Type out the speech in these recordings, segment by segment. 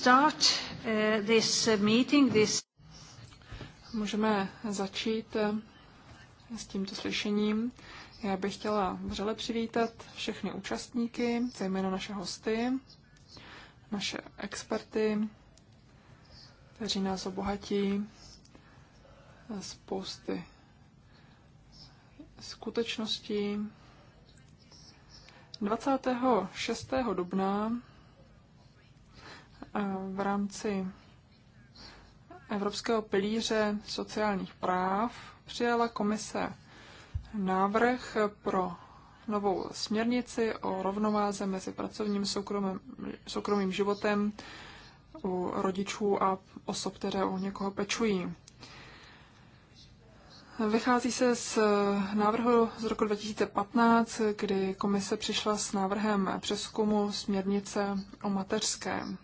start eh, this eh, meeting, this... Můžeme začít eh, s tímto slyšením. Já bych chtěla vřele přivítat všechny účastníky, zejména naše hosty, naše experty, kteří nás obohatí spousty skutečností. 26. dubna v rámci Evropského pilíře sociálních práv přijala komise návrh pro novou směrnici o rovnováze mezi pracovním soukromým, soukromým životem u rodičů a osob, které o někoho pečují. Vychází se z návrhu z roku 2015, kdy komise přišla s návrhem přeskumu směrnice o mateřském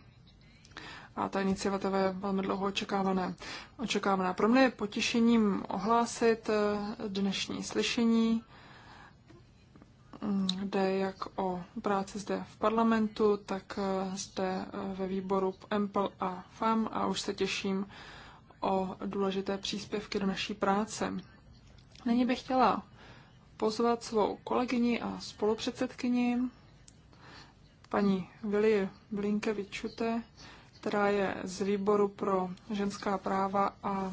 a ta iniciativa je velmi dlouho očekávané. očekávaná. Pro mě je potěšením ohlásit eh, dnešní slyšení. Jde mm, jak o práci zde v parlamentu, tak eh, zde eh, ve výboru EMPL a FAM a už se těším o důležité příspěvky do naší práce. Nyní bych chtěla pozvat svou kolegyni a spolupředsedkyni, paní Vili Blinkevičute, která je z výboru pro ženská práva a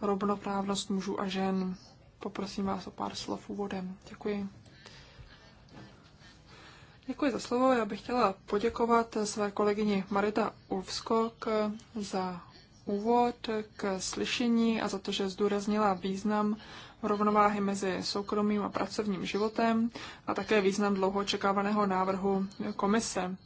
rovnoprávnost mužů a žen. Poprosím vás o pár slov úvodem. Děkuji. Děkuji za slovo. Já bych chtěla poděkovat své kolegyni Marita Ulfskok za úvod k slyšení a za to, že zdůraznila význam rovnováhy mezi soukromým a pracovním životem a také význam dlouho očekávaného návrhu komise.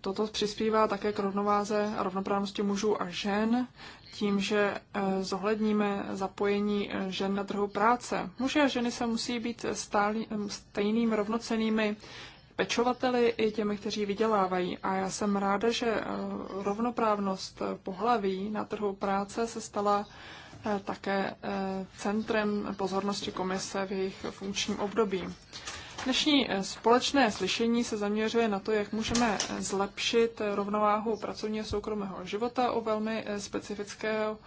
Toto přispívá také k rovnováze a rovnoprávnosti mužů a žen tím, že eh, zohledníme zapojení eh, žen na trhu práce. Muži a ženy se musí být stálý, eh, stejným rovnocenými pečovateli i těmi, kteří vydělávají. A já jsem ráda, že rovnoprávnost pohlaví na trhu práce se stala také centrem pozornosti komise v jejich funkčním období. Dnešní eh, společné slyšení se zaměřuje na to, jak můžeme eh, zlepšit eh, rovnováhu pracovního soukromého života u velmi specifického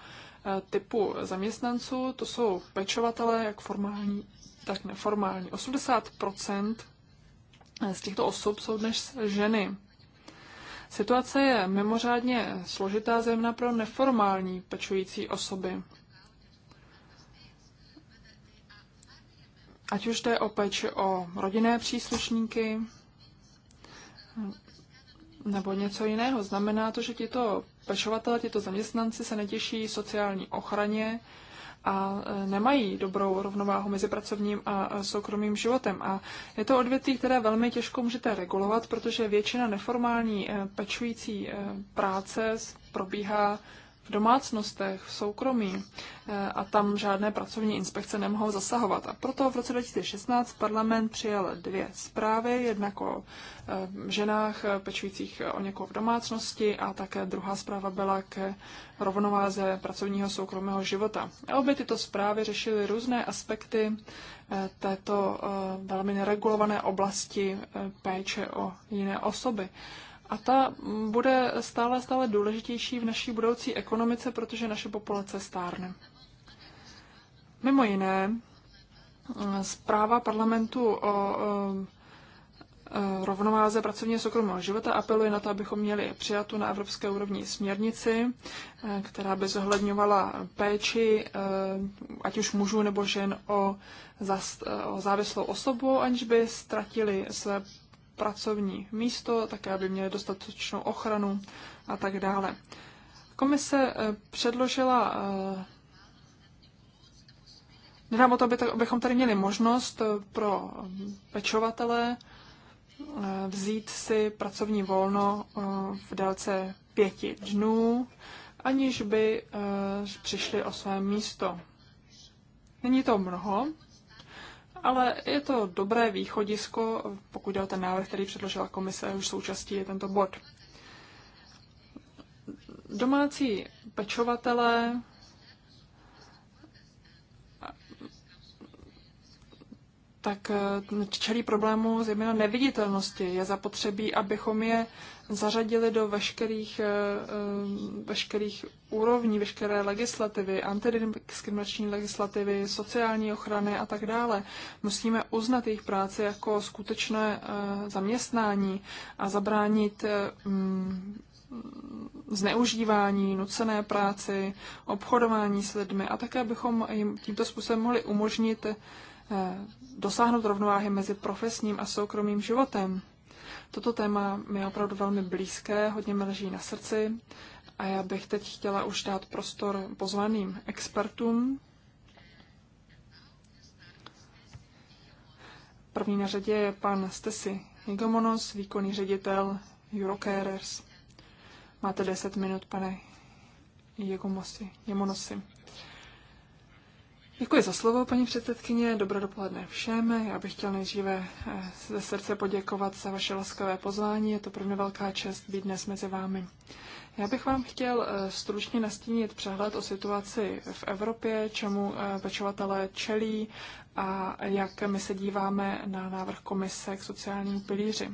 typu zaměstnanců. To jsou pečovatelé, jak formální, tak neformální. 80 z těchto osob jsou dnes ženy. Situace je mimořádně složitá, zejména pro neformální pečující osoby. Ať už jde o péči o rodinné příslušníky nebo něco jiného. Znamená to, že tito pečovatelé, tito zaměstnanci se netěší sociální ochraně a e, nemají dobrou rovnováhu mezi pracovním a e, soukromým životem. A je to odvětví, které velmi těžko můžete regulovat, protože většina neformální e, pečující práce probíhá domácnostech, v soukromí eh, a tam žádné pracovní inspekce nemohou zasahovat. A proto v roce 2016 parlament přijal dvě zprávy, jednak o eh, ženách eh, pečujících o někoho v domácnosti a také druhá zpráva byla k rovnováze pracovního soukromého života. A obě tyto zprávy řešily různé aspekty této velmi neregulované oblasti péče o jiné osoby. A ta bude stále, stále důležitější v naší budoucí ekonomice, protože naše populace stárne. Mimo jiné, zpráva parlamentu o rovnováze pracovně soukromého života apeluje na to, abychom měli přijatu na evropské úrovni směrnici, eh, která by zohledňovala péči eh, ať už mužů nebo žen o, o závislou osobu, aniž by ztratili své pracovní místo, také aby měli dostatečnou ochranu a tak dále. Komise eh, předložila eh, Nedám o to, aby abychom tady měli možnost eh, pro pečovatele vzít si pracovní volno v délce pěti dnů, aniž by přišli o své místo. Není to mnoho, ale je to dobré východisko, pokud jde o ten návrh, který předložila komise, už součástí je tento bod. Domácí pečovatele tak čelí problému zejména neviditelnosti. Je zapotřebí, abychom je zařadili do veškerých, eh, eh, veškerých úrovní, veškeré legislativy, antidiskriminační legislativy, sociální ochrany a tak dále. Musíme uznat jejich práci jako skutečné eh, zaměstnání a zabránit mm, zneužívání, nucené práci, obchodování s lidmi a také bychom jim tímto způsobem mohli umožnit dosáhnout rovnováhy mezi profesním a soukromým životem. Toto téma mi je opravdu velmi blízké, hodně mi leží na srdci a já bych teď chtěla už dát prostor pozvaným expertům. První na řadě je pan Stesi Nigomonos, výkonný ředitel Eurocarers. Máte 10 minut, pane Jegomosi, Jemonosi. Děkuji za slovo, paní předsedkyně. Dobré dopoledne všem. Já bych chtěl nejdříve eh, ze srdce poděkovat za vaše laskavé pozvání. Je to pro mě velká čest být dnes mezi vámi. Já bych vám chtěl eh, stručně nastínit přehled o situaci v Evropě, čemu eh, pečovatelé čelí a jak my se díváme na návrh komise k sociálnímu pilíři.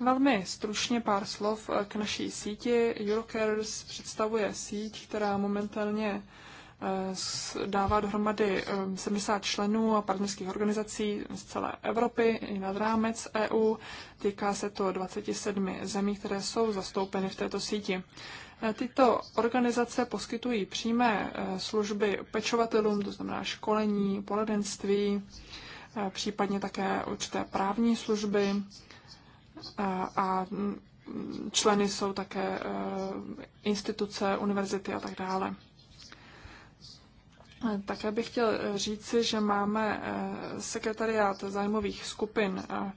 Velmi stručně pár slov k naší síti. Eurocares představuje síť, která momentálně dává dohromady 70 eh, členů a partnerských organizací z celé Evropy i nad rámec EU. Týká se to 27 zemí, které jsou zastoupeny v této síti. Eh, tyto organizace poskytují přímé eh, služby pečovatelům, to znamená školení, poradenství, případně také určité právní služby a mm, členy jsou také instituce, univerzity a tak dále. Také bych chtěl eh, říci, že máme eh, sekretariát zájmových skupin eh,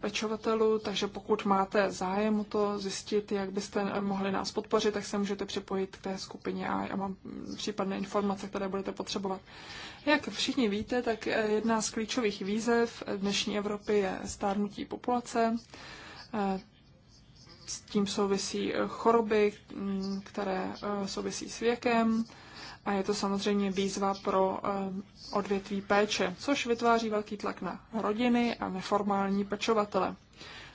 pečovatelů, takže pokud máte zájem o to zjistit, jak byste mohli nás podpořit, tak se můžete připojit k té skupině a já mám případné informace, které budete potřebovat. Jak všichni víte, tak jedna z klíčových výzev dnešní Evropy je stárnutí populace. S tím souvisí choroby, mm, které souvisí s věkem a je to samozřejmě výzva pro eh, odvětví péče, což vytváří velký tlak na rodiny a neformální pečovatele.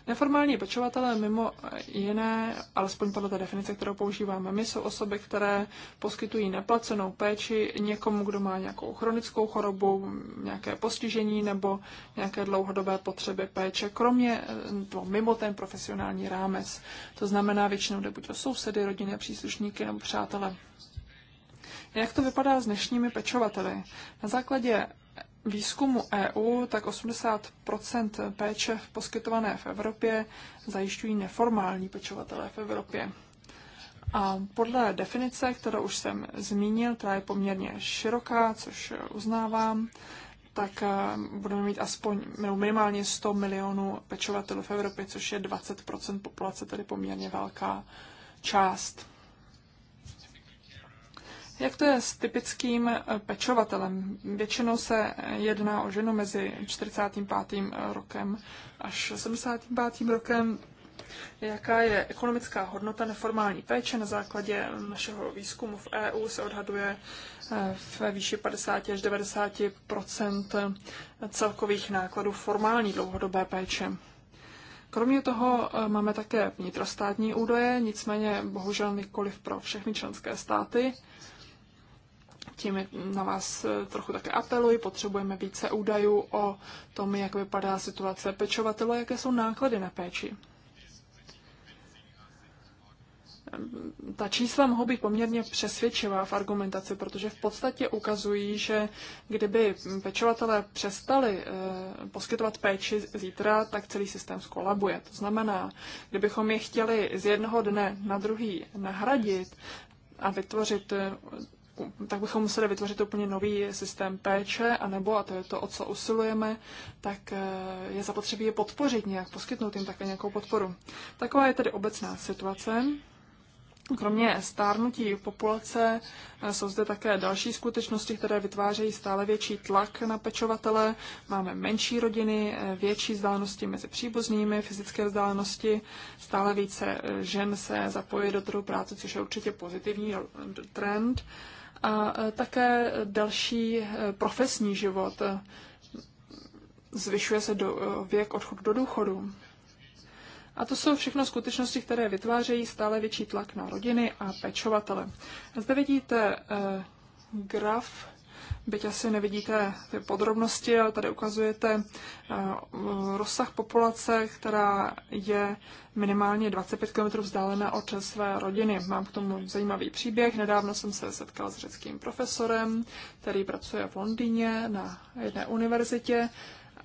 Neformální pečovatelé mimo jiné, alespoň podle té definice, kterou používáme my, jsou osoby, které poskytují neplacenou péči někomu, kdo má nějakou chronickou chorobu, nějaké postižení nebo nějaké dlouhodobé potřeby péče, kromě toho eh, mimo ten profesionální rámec. To znamená, většinou jde buď o sousedy, rodinné příslušníky nebo přátelé. Jak to vypadá s dnešními pečovateli? Na základě výzkumu EU, tak 80 péče poskytované v Evropě zajišťují neformální pečovatelé v Evropě. A podle definice, kterou už jsem zmínil, která je poměrně široká, což uznávám, tak eh, budeme mít aspoň minimálně 100 milionů pečovatelů v Evropě, což je 20 populace, tedy poměrně velká část. Jak to je s typickým eh, pečovatelem? Většinou se jedná o ženu mezi 45. Eh, rokem až 75. rokem. Jaká je ekonomická hodnota neformální péče? Na základě našeho výzkumu v EU se odhaduje eh, ve výši 50 až 90 celkových nákladů formální dlouhodobé péče. Kromě toho máme také vnitrostátní údaje, nicméně bohužel nikoliv pro všechny členské státy. Tím na vás eh, trochu také apeluji, potřebujeme více údajů o tom, jak vypadá situace pečovatelů, jaké jsou náklady na péči. Ehm, ta čísla mohou být poměrně přesvědčivá v argumentaci, protože v podstatě ukazují, že kdyby pečovatelé přestali eh, poskytovat péči zítra, tak celý systém skolabuje. To znamená, kdybychom je chtěli z jednoho dne na druhý nahradit, a vytvořit eh, tak bychom museli vytvořit úplně nový systém péče, anebo, a to je to, o co usilujeme, tak eh, je zapotřebí je podpořit nějak, poskytnout jim také nějakou podporu. Taková je tedy obecná situace. Kromě stárnutí populace eh, jsou zde také další skutečnosti, které vytvářejí stále větší tlak na pečovatele. Máme menší rodiny, eh, větší vzdálenosti mezi příbuznými, fyzické vzdálenosti. Stále více žen se zapojí do trhu práce, což je určitě pozitivní trend a e, také další e, profesní život. E, zvyšuje se do, věk odchodu do důchodu. A to jsou všechno skutečnosti, které vytvářejí stále větší tlak na rodiny a pečovatele. Zde vidíte graf byť asi nevidíte ty podrobnosti, ale tady ukazujete eh, rozsah populace, která je minimálně 25 km vzdálená od své rodiny. Mám k tomu zajímavý příběh. Nedávno jsem se setkal s řeckým profesorem, který pracuje v Londýně na jedné univerzitě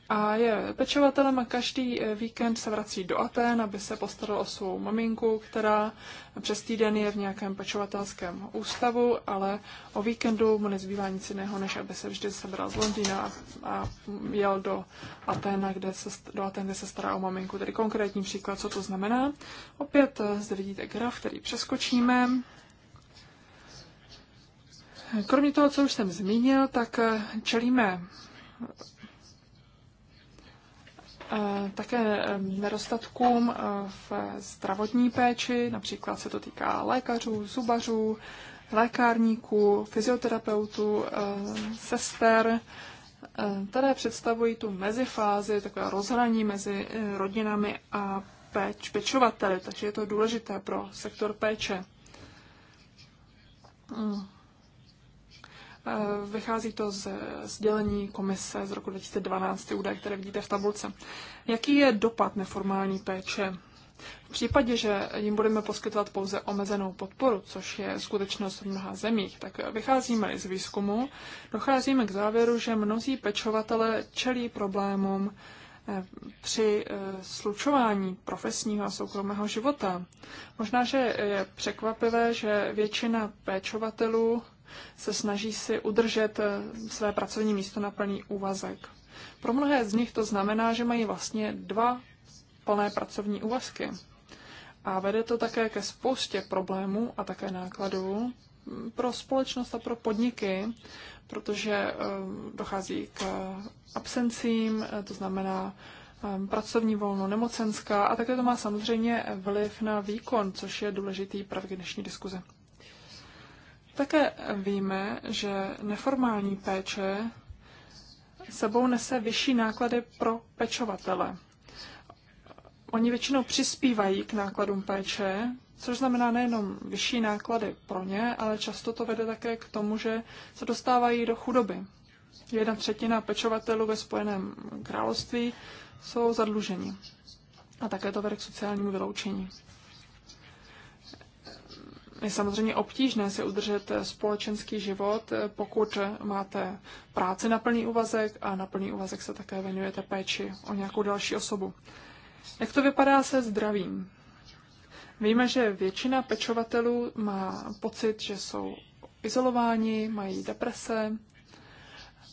a je pečovatelem a každý eh, víkend se vrací do Aten, aby se postaral o svou maminku, která přes týden je v nějakém pečovatelském ústavu, ale o víkendu mu nezbývá nic jiného, než aby se vždy sebral z Londýna a jel do Aten, kde se, do Aten, kde se stará o maminku. Tedy konkrétní příklad, co to znamená. Opět eh, zde vidíte graf, který přeskočíme. Kromě toho, co už jsem zmínil, tak eh, čelíme Eh, také eh, nedostatkům eh, v zdravotní péči, například se to týká lékařů, zubařů, lékárníků, fyzioterapeutů, sester, které představují tu mezifázi, takové rozhraní mezi rodinami a péč, pečovateli, takže je to důležité pro sektor péče. Mm. Eh, vychází to z sdělení komise z roku 2012, ty údaje, které vidíte v tabulce. Jaký je dopad neformální péče? V případě, že jim budeme poskytovat pouze omezenou podporu, což je skutečnost v mnoha zemích, tak vycházíme z výzkumu, docházíme k závěru, že mnozí pečovatele čelí problémům eh, při eh, slučování profesního a soukromého života. Možná, že je překvapivé, že většina pečovatelů se snaží si udržet eh, své pracovní místo na plný úvazek. Pro mnohé z nich to znamená, že mají vlastně dva plné pracovní úvazky. A vede to také ke spoustě problémů a také nákladů mm, pro společnost a pro podniky, protože eh, dochází k absencím, eh, to znamená pracovní volno, nemocenská a také to má samozřejmě vliv na výkon, což je důležitý prvek dnešní diskuze. Také víme, že neformální péče sebou nese vyšší náklady pro pečovatele. Oni většinou přispívají k nákladům péče, což znamená nejenom vyšší náklady pro ně, ale často to vede také k tomu, že se dostávají do chudoby. Jedna třetina pečovatelů ve Spojeném království jsou zadluženi. A také to vede k sociálnímu vyloučení je samozřejmě obtížné si udržet eh, společenský život, eh, pokud máte práci na plný úvazek a na plný úvazek se také věnujete péči o nějakou další osobu. Jak to vypadá se zdravím? Víme, že většina pečovatelů má pocit, že jsou izolováni, mají deprese,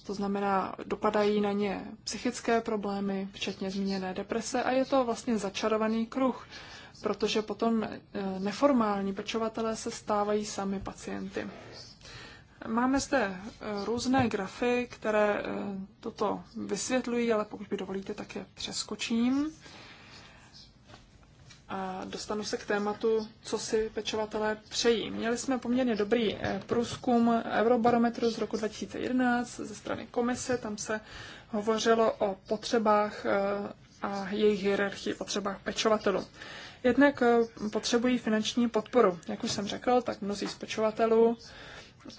to znamená, dopadají na ně psychické problémy, včetně zmíněné deprese a je to vlastně začarovaný kruh protože potom eh, neformální pečovatelé se stávají sami pacienty. Máme zde eh, různé grafy, které eh, toto vysvětlují, ale pokud by dovolíte, tak je přeskočím. A dostanu se k tématu, co si pečovatelé přejí. Měli jsme poměrně dobrý průzkum Eurobarometru z roku 2011 ze strany komise. Tam se hovořilo o potřebách a jejich hierarchii potřebách pečovatelů. Jednak eh, potřebují finanční podporu. Jak už jsem řekl, tak mnozí z pečovatelů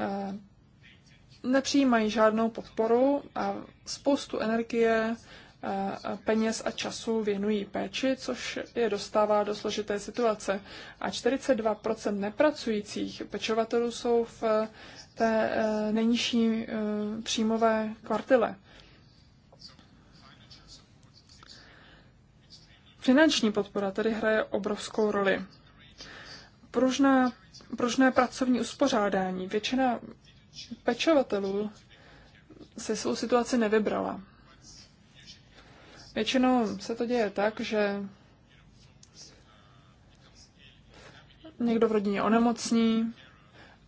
eh, nepřijímají žádnou podporu a spoustu energie, eh, peněz a času věnují péči, což je dostává do složité situace. A 42% nepracujících pečovatelů jsou v té nejnižší příjmové kvartile. Finanční podpora tady hraje obrovskou roli. Pružná, pružné pracovní uspořádání. Většina pečovatelů si svou situaci nevybrala. Většinou se to děje tak, že někdo v rodině onemocní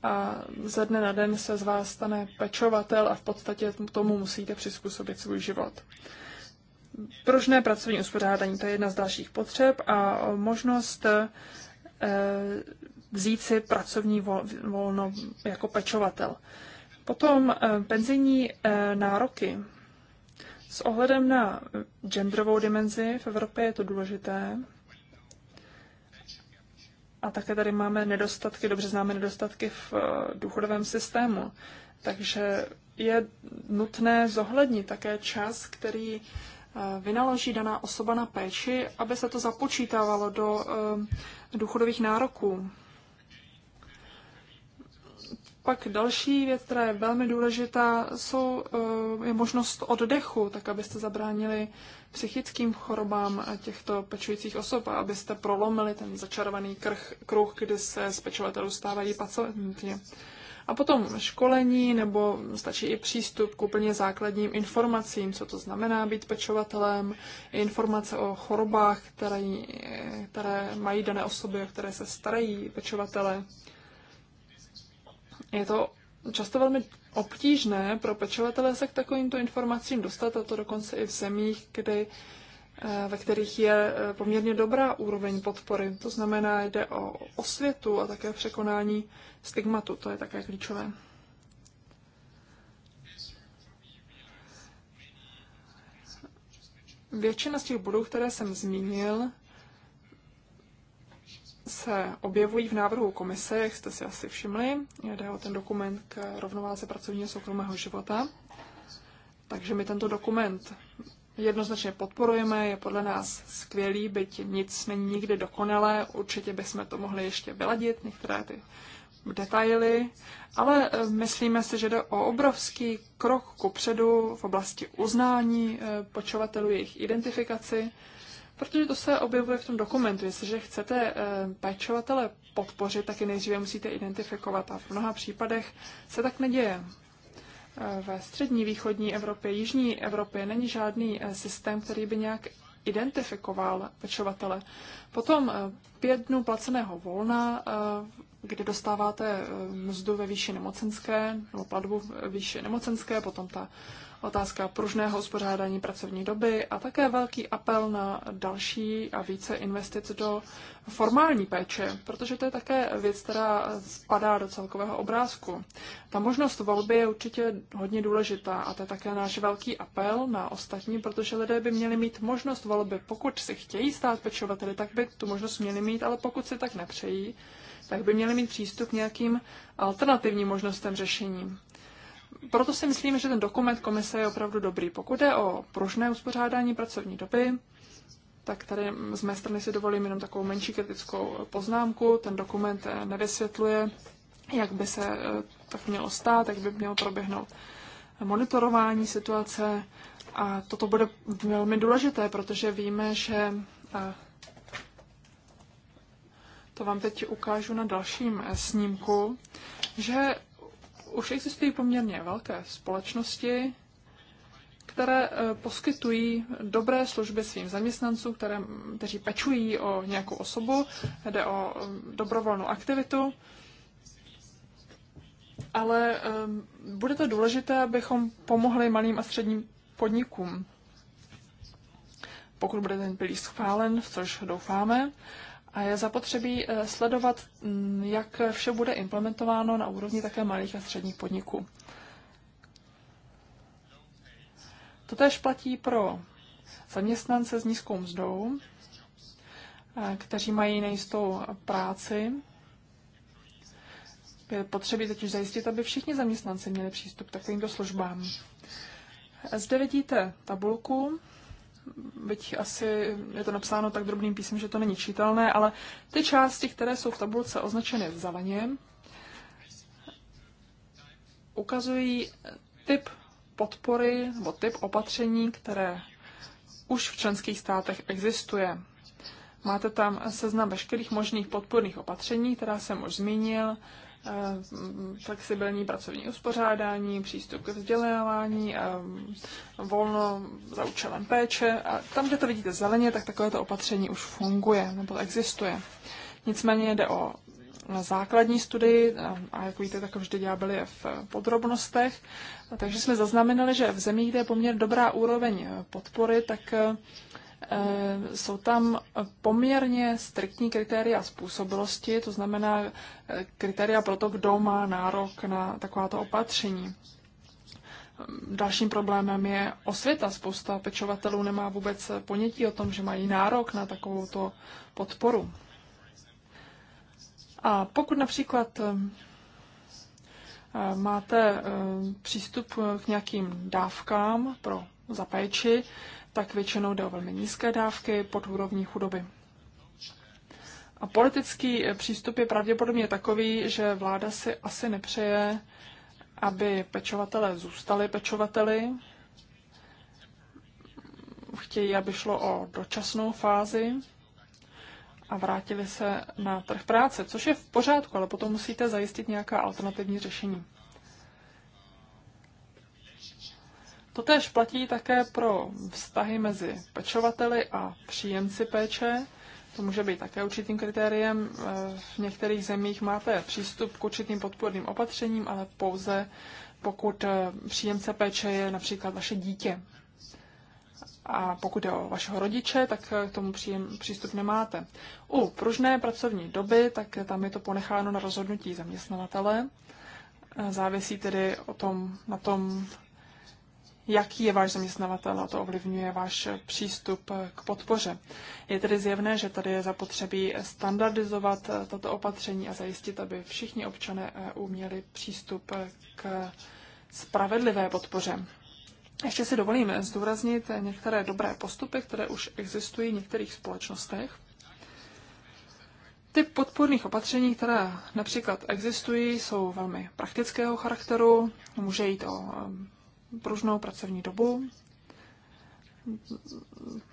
a ze dne na den se z vás stane pečovatel a v podstatě tomu musíte přizpůsobit svůj život pružné pracovní uspořádání, to je jedna z dalších potřeb a možnost eh, vzít si pracovní volno jako pečovatel. Potom eh, penzijní eh, nároky. S ohledem na genderovou dimenzi v Evropě je to důležité. A také tady máme nedostatky, dobře známe nedostatky v důchodovém systému. Takže je nutné zohlednit také čas, který Eh, vynaloží daná osoba na péči, aby se to započítávalo do eh, důchodových nároků. Pak další věc, která je velmi důležitá, jsou, eh, je možnost oddechu, tak abyste zabránili psychickým chorobám těchto pečujících osob a abyste prolomili ten začarovaný krh, kruh, kdy se z pečovatelů stávají pacienti. A potom školení nebo stačí i přístup k úplně základním informacím, co to znamená být pečovatelem, informace o chorobách, které, které mají dané osoby, o které se starají pečovatele. Je to často velmi obtížné pro pečovatele se k takovýmto informacím dostat, a to dokonce i v zemích, kdy Eh, ve kterých je eh, poměrně dobrá úroveň podpory. To znamená, jde o osvětu a také překonání stigmatu. To je také klíčové. Většina z těch bodů, které jsem zmínil, se objevují v návrhu komise, jak jste si asi všimli. Jde o ten dokument k rovnováze pracovního soukromého života. Takže my tento dokument jednoznačně podporujeme, je podle nás skvělý, byť nic není nikdy dokonalé, určitě bychom to mohli ještě vyladit, některé ty detaily, ale eh, myslíme si, že jde o obrovský krok kupředu v oblasti uznání eh, počovatelů, jejich identifikaci, protože to se objevuje v tom dokumentu. Jestliže chcete eh, pečovatele podpořit, tak je nejdříve musíte identifikovat a v mnoha případech se tak neděje ve střední, východní Evropě, jižní Evropě není žádný eh, systém, který by nějak identifikoval pečovatele. Potom eh, pět dnů placeného volna, eh, kde dostáváte mzdu ve výši nemocenské, nebo platbu ve výši nemocenské, potom ta otázka pružného uspořádání pracovní doby a také velký apel na další a více investic do formální péče, protože to je také věc, která spadá do celkového obrázku. Ta možnost volby je určitě hodně důležitá a to je také náš velký apel na ostatní, protože lidé by měli mít možnost volby. Pokud si chtějí stát pečovateli, tak by tu možnost měli mít, ale pokud si tak nepřejí, tak by měli mít přístup k nějakým alternativním možnostem řešení proto si myslím, že ten dokument komise je opravdu dobrý. Pokud je o pružné uspořádání pracovní doby, tak tady z mé strany si dovolím jenom takovou menší kritickou poznámku. Ten dokument eh, nevysvětluje, jak by se eh, tak mělo stát, jak by mělo proběhnout monitorování situace. A toto bude velmi důležité, protože víme, že eh, to vám teď ukážu na dalším snímku, že už existují poměrně velké společnosti, které eh, poskytují dobré služby svým zaměstnancům, které, kteří pečují o nějakou osobu, jde o eh, dobrovolnou aktivitu. Ale eh, bude to důležité, abychom pomohli malým a středním podnikům. Pokud bude ten pilíř schválen, v což doufáme, a je zapotřebí eh, sledovat, mm, jak vše bude implementováno na úrovni také malých a středních podniků. Totež platí pro zaměstnance s nízkou mzdou, eh, kteří mají nejistou práci. Je potřebí totiž zajistit, aby všichni zaměstnanci měli přístup k takovýmto službám. Zde vidíte tabulku byť asi je to napsáno tak drobným písmem, že to není čitelné. ale ty části, které jsou v tabulce označeny zeleně, ukazují typ podpory nebo typ opatření, které už v členských státech existuje. Máte tam seznam veškerých možných podporných opatření, která jsem už zmínil, Eh, flexibilní pracovní uspořádání, přístup k vzdělávání, eh, volno za účelem péče. A tam, kde to vidíte zeleně, tak takovéto opatření už funguje nebo existuje. Nicméně jde o na základní studii, eh, a jak víte, tak vždy ďábel je v podrobnostech. takže jsme zaznamenali, že v zemích, kde je poměr dobrá úroveň podpory, tak Eh, jsou tam poměrně striktní kritéria způsobilosti, to znamená eh, kritéria pro to, kdo má nárok na takováto opatření. Dalším problémem je osvěta. Spousta pečovatelů nemá vůbec ponětí o tom, že mají nárok na takovouto podporu. A pokud například eh, máte přístup k nějakým dávkám pro zapéči, tak většinou jde o velmi nízké dávky pod úrovní chudoby. A politický eh, přístup je pravděpodobně takový, že vláda si asi nepřeje, aby pečovatelé zůstali pečovateli. Chtějí, aby šlo o dočasnou fázi a vrátili se na trh práce, což je v pořádku, ale potom musíte zajistit nějaká alternativní řešení. Totež platí také pro vztahy mezi pečovateli a příjemci péče. To může být také určitým kritériem. Eh, v některých zemích máte přístup k určitým podpůrným opatřením, ale pouze pokud eh, příjemce péče je například vaše dítě. A pokud je o vašeho rodiče, tak eh, k tomu příjem, přístup nemáte. U pružné pracovní doby, tak tam je to ponecháno na rozhodnutí zaměstnavatele. Závisí tedy o tom, na tom, jaký je váš zaměstnavatel a to ovlivňuje váš přístup k podpoře. Je tedy zjevné, že tady je zapotřebí standardizovat toto opatření a zajistit, aby všichni občané EU měli přístup k spravedlivé podpoře. Ještě si dovolím zdůraznit některé dobré postupy, které už existují v některých společnostech. Typ podporných opatření, které například existují, jsou velmi praktického charakteru. Může jít o pružnou pracovní dobu.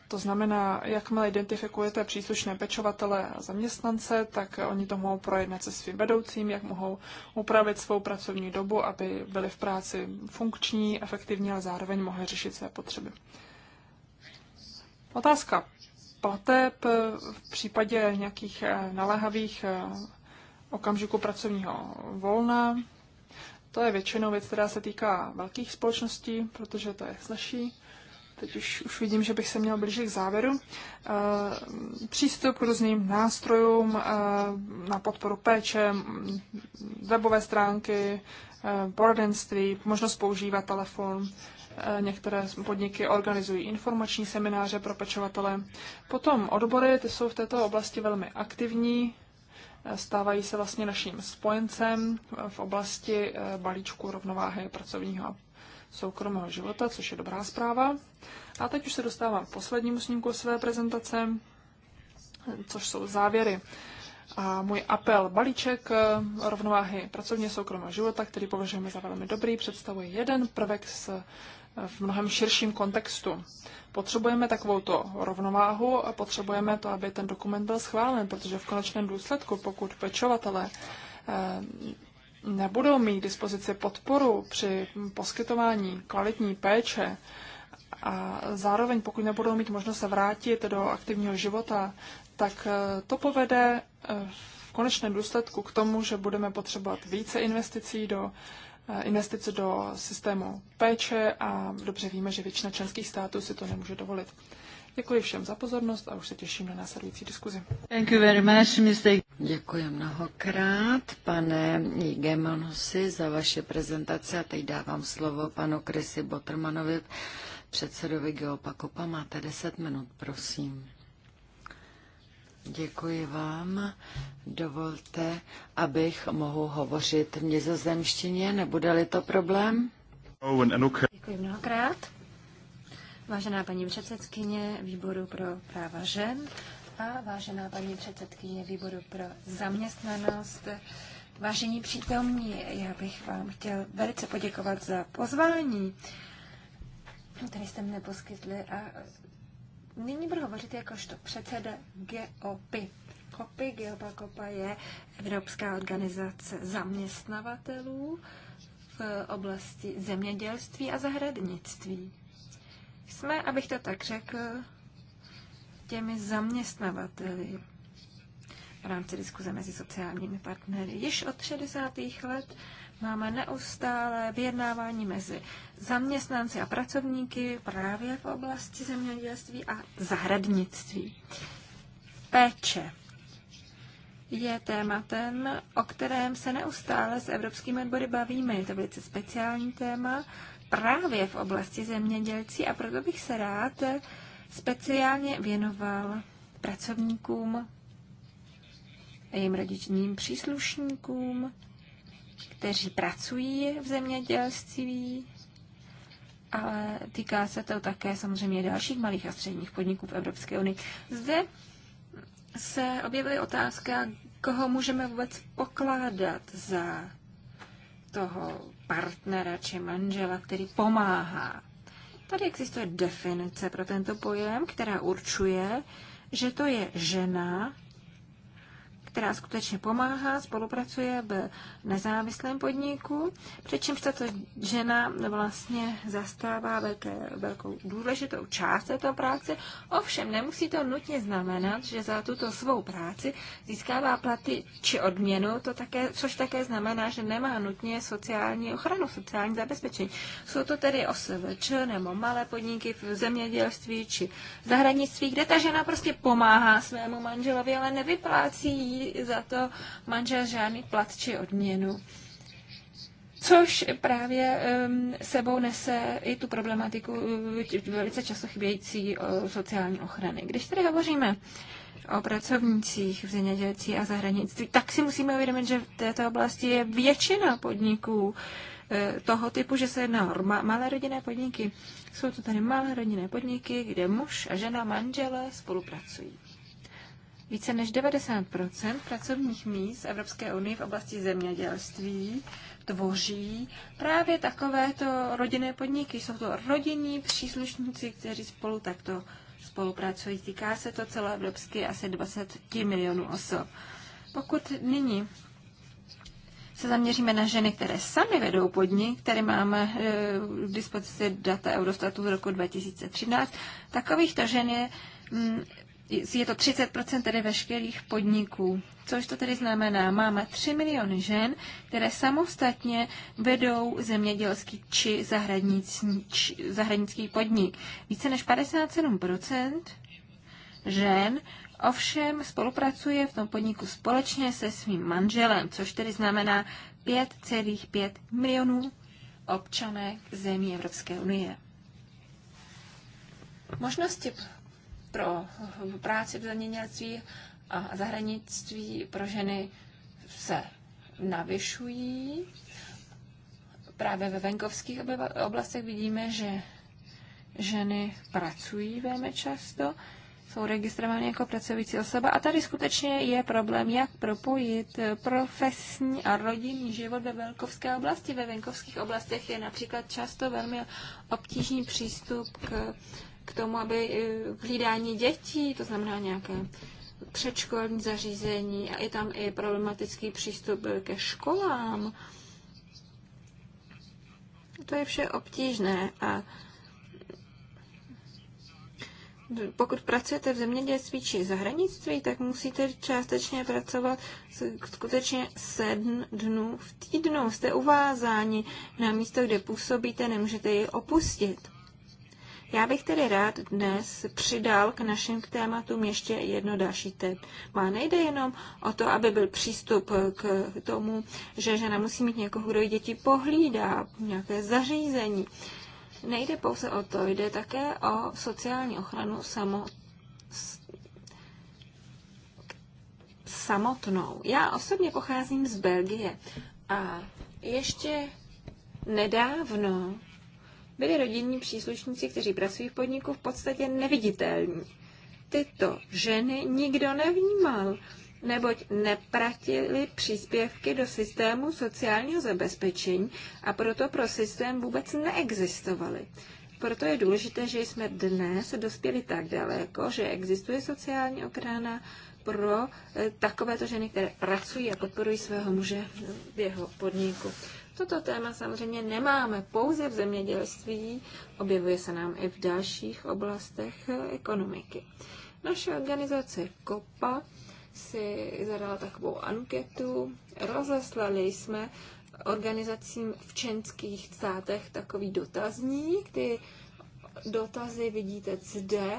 To znamená, jakmile identifikujete příslušné pečovatele a zaměstnance, tak oni to mohou projednat se svým vedoucím, jak mohou upravit svou pracovní dobu, aby byli v práci funkční, efektivní, ale zároveň mohli řešit své potřeby. Otázka plateb v případě nějakých naléhavých okamžiku pracovního volna to je většinou věc, která se týká velkých společností, protože to je snažší. Teď už, už vidím, že bych se měl blížit k závěru. E, přístup k různým nástrojům e, na podporu péče, webové stránky, e, poradenství, možnost používat telefon. E, některé podniky organizují informační semináře pro pečovatele. Potom odbory, ty jsou v této oblasti velmi aktivní stávají se vlastně naším spojencem v oblasti eh, balíčku rovnováhy pracovního a soukromého života, což je dobrá zpráva. A teď už se dostávám k poslednímu snímku své prezentace, což jsou závěry. A můj apel balíček eh, rovnováhy pracovně soukromého života, který považujeme za velmi dobrý, představuje jeden prvek z v mnohem širším kontextu. Potřebujeme to rovnováhu a potřebujeme to, aby ten dokument byl schválen, protože v konečném důsledku, pokud pečovatele eh, nebudou mít dispozici podporu při poskytování kvalitní péče a zároveň pokud nebudou mít možnost se vrátit do aktivního života, tak eh, to povede eh, v konečném důsledku k tomu, že budeme potřebovat více investicí do Eh, investice do systému péče a dobře víme, že většina členských států si to nemůže dovolit. Děkuji všem za pozornost a už se těším na následující diskuzi. Thank you very much, Mr. Děkuji mnohokrát, pane Gemanusi, za vaše prezentace a teď dávám slovo panu Krisi Botrmanovi, předsedovi Geopakopa. Máte 10 minut, prosím. Děkuji vám. Dovolte, abych mohl hovořit v nizozemštině, nebude-li to problém? Děkuji mnohokrát. Vážená paní předsedkyně výboru pro práva žen a vážená paní předsedkyně výboru pro zaměstnanost, vážení přítomní, já bych vám chtěl velice poděkovat za pozvání, které jste mi poskytli a Nyní budu hovořit jakožto předseda GOPy. COPy, GOPA, COPA je Evropská organizace zaměstnavatelů v oblasti zemědělství a zahradnictví. Jsme, abych to tak řekl, těmi zaměstnavateli v rámci diskuze mezi sociálními partnery. Již od 60. let Máme neustále vyjednávání mezi zaměstnanci a pracovníky právě v oblasti zemědělství a zahradnictví. Péče je tématem, o kterém se neustále s evropskými odbory bavíme. Je to velice speciální téma právě v oblasti zemědělcí a proto bych se rád speciálně věnoval pracovníkům, jejím rodičním příslušníkům, kteří pracují v zemědělství, ale týká se to také samozřejmě dalších malých a středních podniků v Evropské unii. Zde se objevily otázka, koho můžeme vůbec pokládat za toho partnera či manžela, který pomáhá. Tady existuje definice pro tento pojem, která určuje, že to je žena, která skutečně pomáhá, spolupracuje v nezávislém podniku, přičemž tato žena vlastně zastává velké, velkou důležitou část této práce. Ovšem, nemusí to nutně znamenat, že za tuto svou práci získává platy či odměnu, to také, což také znamená, že nemá nutně sociální ochranu, sociální zabezpečení. Jsou to tedy OSVČ nebo malé podniky v zemědělství či zahraničí, kde ta žena prostě pomáhá svému manželovi, ale nevyplácí nedostí za to manžel žádný plat či odměnu. Což právě um, sebou nese i tu problematiku eh, velice často chybějící o eh, sociální ochrany. Když tady hovoříme o pracovnících v zemědělství a zahraničí, tak si musíme uvědomit, že v této oblasti je většina podniků eh, toho typu, že se jedná o malé rodinné podniky. Jsou to tady malé rodinné podniky, kde muž a žena, manželé spolupracují. Více než 90 pracovních míst Evropské unie v oblasti zemědělství tvoří právě takovéto rodinné podniky. Jsou to rodinní příslušníci, kteří spolu takto spolupracují. Týká se to Evropské asi 20 milionů osob. Pokud nyní se zaměříme na ženy, které sami vedou podnik, které máme e, k dispozici data Eurostatu z roku 2013, takovýchto žen je mm, je to 30% tedy veškerých podniků. Což to tedy znamená? Máme 3 miliony žen, které samostatně vedou zemědělský či zahradnický, podnik. Více než 57% žen ovšem spolupracuje v tom podniku společně se svým manželem, což tedy znamená 5,5 milionů občanek zemí Evropské unie. Možnosti pro práci v zemědělství a zahranictví pro ženy se navyšují. Právě ve venkovských oblastech vidíme, že ženy pracují velmi často, jsou registrovány jako pracující osoba a tady skutečně je problém, jak propojit profesní a rodinný život ve venkovské oblasti. Ve venkovských oblastech je například často velmi obtížný přístup k k tomu, aby e, k hlídání dětí, to znamená nějaké předškolní zařízení a je tam i problematický přístup e, ke školám. To je vše obtížné a pokud pracujete v zemědělství či zahranictví, tak musíte částečně pracovat skutečně sedm dnů v týdnu. Jste uvázáni na místo, kde působíte, nemůžete ji opustit. Já bych tedy rád dnes přidal k našim tématům ještě jedno další téma. Nejde jenom o to, aby byl přístup k tomu, že žena musí mít někoho, kdo děti pohlídá, nějaké zařízení. Nejde pouze o to, jde také o sociální ochranu samotnou samotnou. Já osobně pocházím z Belgie a ještě nedávno byli rodinní příslušníci, kteří pracují v podniku, v podstatě neviditelní. Tyto ženy nikdo nevnímal, neboť nepratili příspěvky do systému sociálního zabezpečení a proto pro systém vůbec neexistovaly. Proto je důležité, že jsme dnes dospěli tak daleko, že existuje sociální ochrana pro eh, takovéto ženy, které pracují a podporují svého muže v jeho podniku. Toto téma samozřejmě nemáme pouze v zemědělství, objevuje se nám i v dalších oblastech ekonomiky. Naše organizace COPA si zadala takovou anketu, rozeslali jsme organizacím v čenských státech takový dotazník, ty dotazy vidíte zde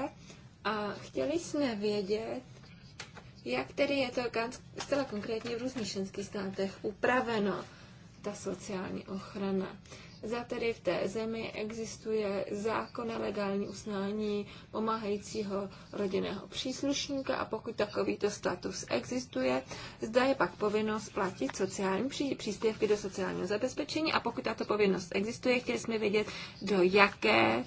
a chtěli jsme vědět, jak tedy je to zcela konkrétně v různých členských státech upraveno ta sociální ochrana. Za tedy v té zemi existuje zákonné legální uznání pomáhajícího rodinného příslušníka a pokud takovýto status existuje, zda je pak povinnost platit sociální pří, příspěvky do sociálního zabezpečení a pokud tato povinnost existuje, chtěli jsme vědět, do jaké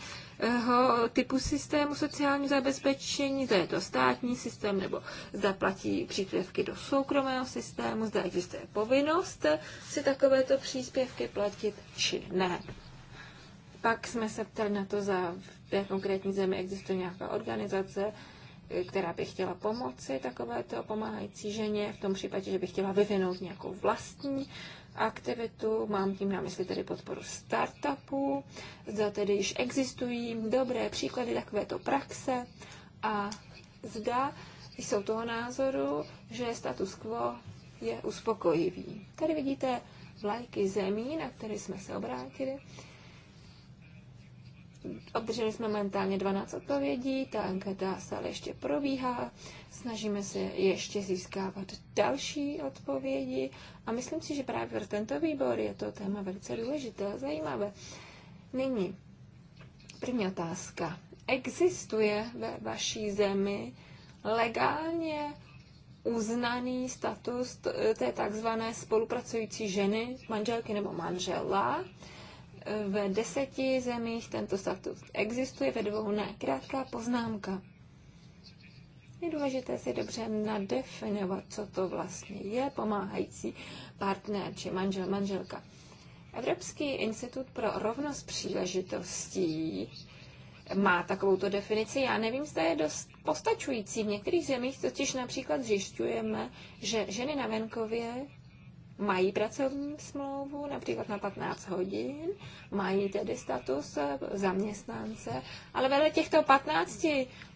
typu systému sociálního zabezpečení, zda je to státní systém, nebo zda platí příspěvky do soukromého systému, zda existuje povinnost si takovéto příspěvky platit, či ne. Pak jsme se ptali na to, za v té konkrétní zemi existuje nějaká organizace, která by chtěla pomoci takovéto pomáhající ženě, v tom případě, že by chtěla vyvinout nějakou vlastní aktivitu, mám tím na mysli tedy podporu startupů, zda tedy již existují dobré příklady takovéto praxe a zda jsou toho názoru, že status quo je uspokojivý. Tady vidíte vlajky zemí, na které jsme se obrátili. Obdrželi jsme momentálně 12 odpovědí, ta anketa stále ještě probíhá snažíme se ještě získávat další odpovědi a myslím si, že právě pro tento výbor je to téma velice důležité a zajímavé. Nyní, první otázka. Existuje ve vaší zemi legálně uznaný status té takzvané spolupracující ženy, manželky nebo manžela? Eh, ve deseti zemích tento status existuje, ve dvou ne. Krátká poznámka. Je důležité si dobře nadefinovat, co to vlastně je pomáhající partner či manžel, manželka. Evropský institut pro rovnost příležitostí má takovouto definici. Já nevím, zda je dost postačující. V některých zemích totiž například zjišťujeme, že ženy na venkově mají pracovní smlouvu, například na 15 hodin, mají tedy status zaměstnance, ale vedle těchto 15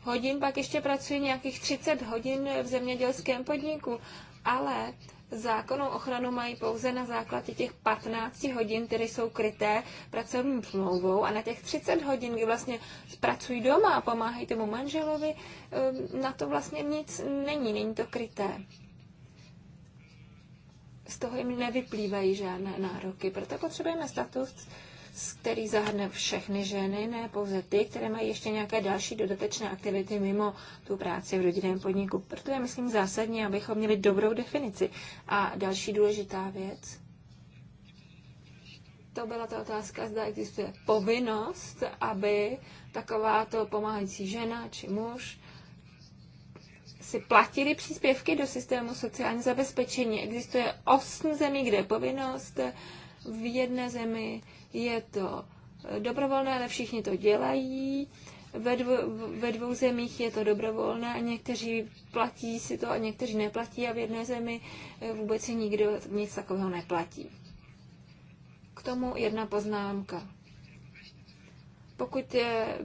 hodin pak ještě pracují nějakých 30 hodin v zemědělském podniku, ale zákonnou ochranu mají pouze na základě těch 15 hodin, které jsou kryté pracovní smlouvou a na těch 30 hodin, kdy vlastně pracují doma a pomáhají tomu manželovi, ehm, na to vlastně nic není, není to kryté z toho jim nevyplývají žádné nároky. Proto potřebujeme status, který zahrne všechny ženy, ne pouze ty, které mají ještě nějaké další dodatečné aktivity mimo tu práci v rodinném podniku. Proto je, myslím, zásadní, abychom měli dobrou definici. A další důležitá věc, to byla ta otázka, zda existuje povinnost, aby takováto pomáhající žena či muž si platili příspěvky do systému sociální zabezpečení. Existuje osm zemí, kde je povinnost. V jedné zemi je to dobrovolné, ale všichni to dělají. Ve, dvou, ve dvou zemích je to dobrovolné a někteří platí si to a někteří neplatí a v jedné zemi eh, vůbec si nikdo nic takového neplatí. K tomu jedna poznámka. Pokud je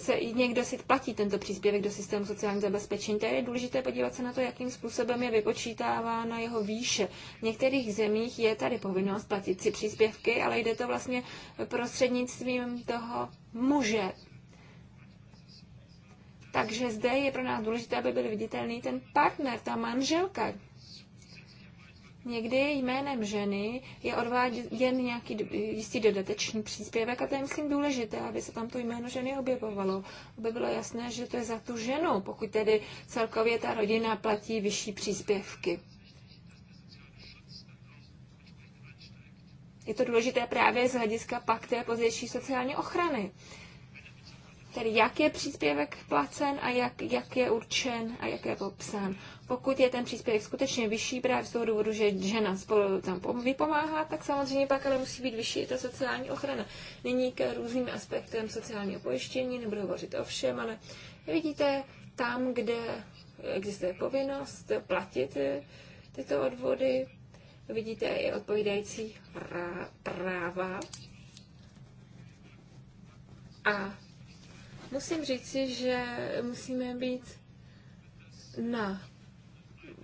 se někdo si platí tento příspěvek do systému sociálního zabezpečení. Tady je důležité podívat se na to, jakým způsobem je vypočítávána jeho výše. V některých zemích je tady povinnost platit si příspěvky, ale jde to vlastně prostřednictvím toho muže. Takže zde je pro nás důležité, aby byl viditelný ten partner, ta manželka, Někdy jménem ženy je odváděn nějaký jistý dodatečný příspěvek a to je, myslím, důležité, aby se tam to jméno ženy objevovalo, aby bylo jasné, že to je za tu ženu, pokud tedy celkově ta rodina platí vyšší příspěvky. Je to důležité právě z hlediska pak té pozdější sociální ochrany. Tedy jak je příspěvek placen a jak, jak je určen a jak je popsán. Pokud je ten příspěvek skutečně vyšší právě z toho důvodu, že žena spolu tam vypomáhá, tak samozřejmě pak ale musí být vyšší i ta sociální ochrana. Nyní k různým aspektem sociálního pojištění, nebudu hovořit o všem, ale vidíte, tam, kde existuje povinnost platit eh, tyto odvody, vidíte i odpovídající práva. A musím říci, že musíme být na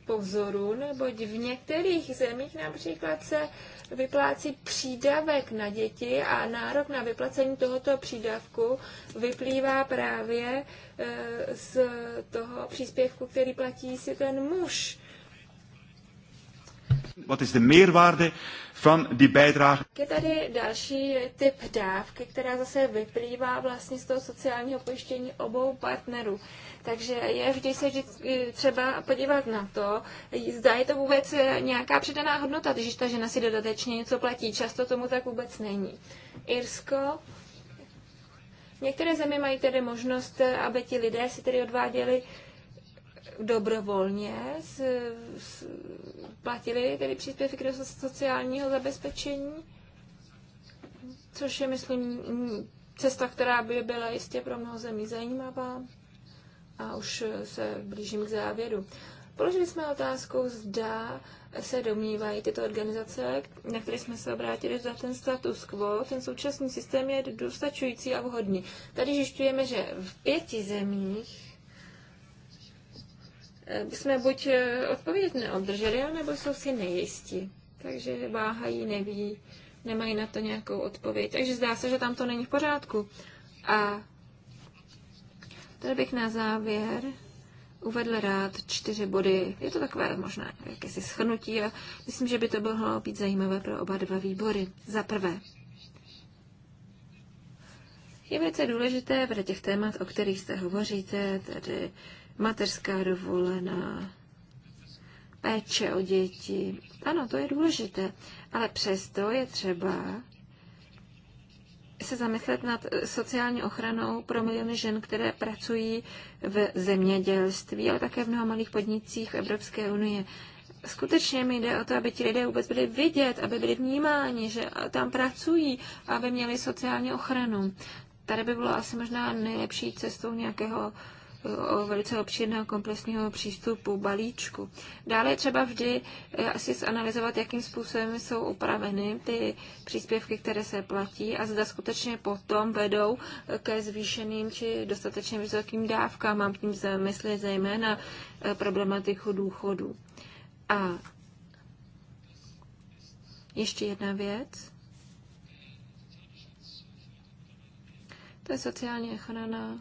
pozoru, neboť v některých zemích například se vyplácí přídavek na děti a nárok na vyplacení tohoto přídavku vyplývá právě e, z toho příspěvku, který platí si ten muž. What is the meerwaarde from the bijdrage. Je tady další typ dávky, která zase vyplývá vlastně z toho sociálního pojištění obou partnerů. Takže je vždy se vždy eh, třeba podívat na to, zda je to vůbec eh, nějaká přidaná hodnota, když ta žena si dodatečně něco platí. Často tomu tak vůbec není. Irsko Některé země mají tedy možnost, eh, aby ti lidé si tedy odváděli dobrovolně z, z, platili tedy příspěvky do sociálního zabezpečení, což je, myslím, cesta, která by byla jistě pro mnoho zemí zajímavá. A už se blížím k závěru. Položili jsme otázku, zda se domnívají tyto organizace, na které jsme se obrátili, zda ten status quo, ten současný systém je dostačující a vhodný. Tady zjišťujeme, že v pěti zemích jsme buď eh, odpověď neobdrželi, nebo jsou si nejistí. Takže váhají, neví, nemají na to nějakou odpověď. Takže zdá se, že tam to není v pořádku. A tady bych na závěr uvedl rád čtyři body. Je to takové možná jakési schrnutí a myslím, že by to mohlo být zajímavé pro oba dva výbory. Za prvé, je velice důležité v těch témat, o kterých jste hovoříte, tedy mateřská dovolená, péče o děti. Ano, to je důležité, ale přesto je třeba se zamyslet nad sociální ochranou pro miliony žen, které pracují v zemědělství, ale také v mnoha malých podnicích v Evropské unie. Skutečně mi jde o to, aby ti lidé vůbec byli vidět, aby byli vnímáni, že tam pracují, aby měli sociální ochranu. Tady by bylo asi možná nejlepší cestou nějakého o velice obšírného komplexního přístupu balíčku. Dále je třeba vždy eh, asi zanalizovat, jakým způsobem jsou upraveny ty příspěvky, které se platí a zda skutečně potom vedou eh, ke zvýšeným či dostatečně vysokým dávkám. Mám tím mysli zejména eh, problematiku důchodu. A ještě jedna věc. To je sociální ochrana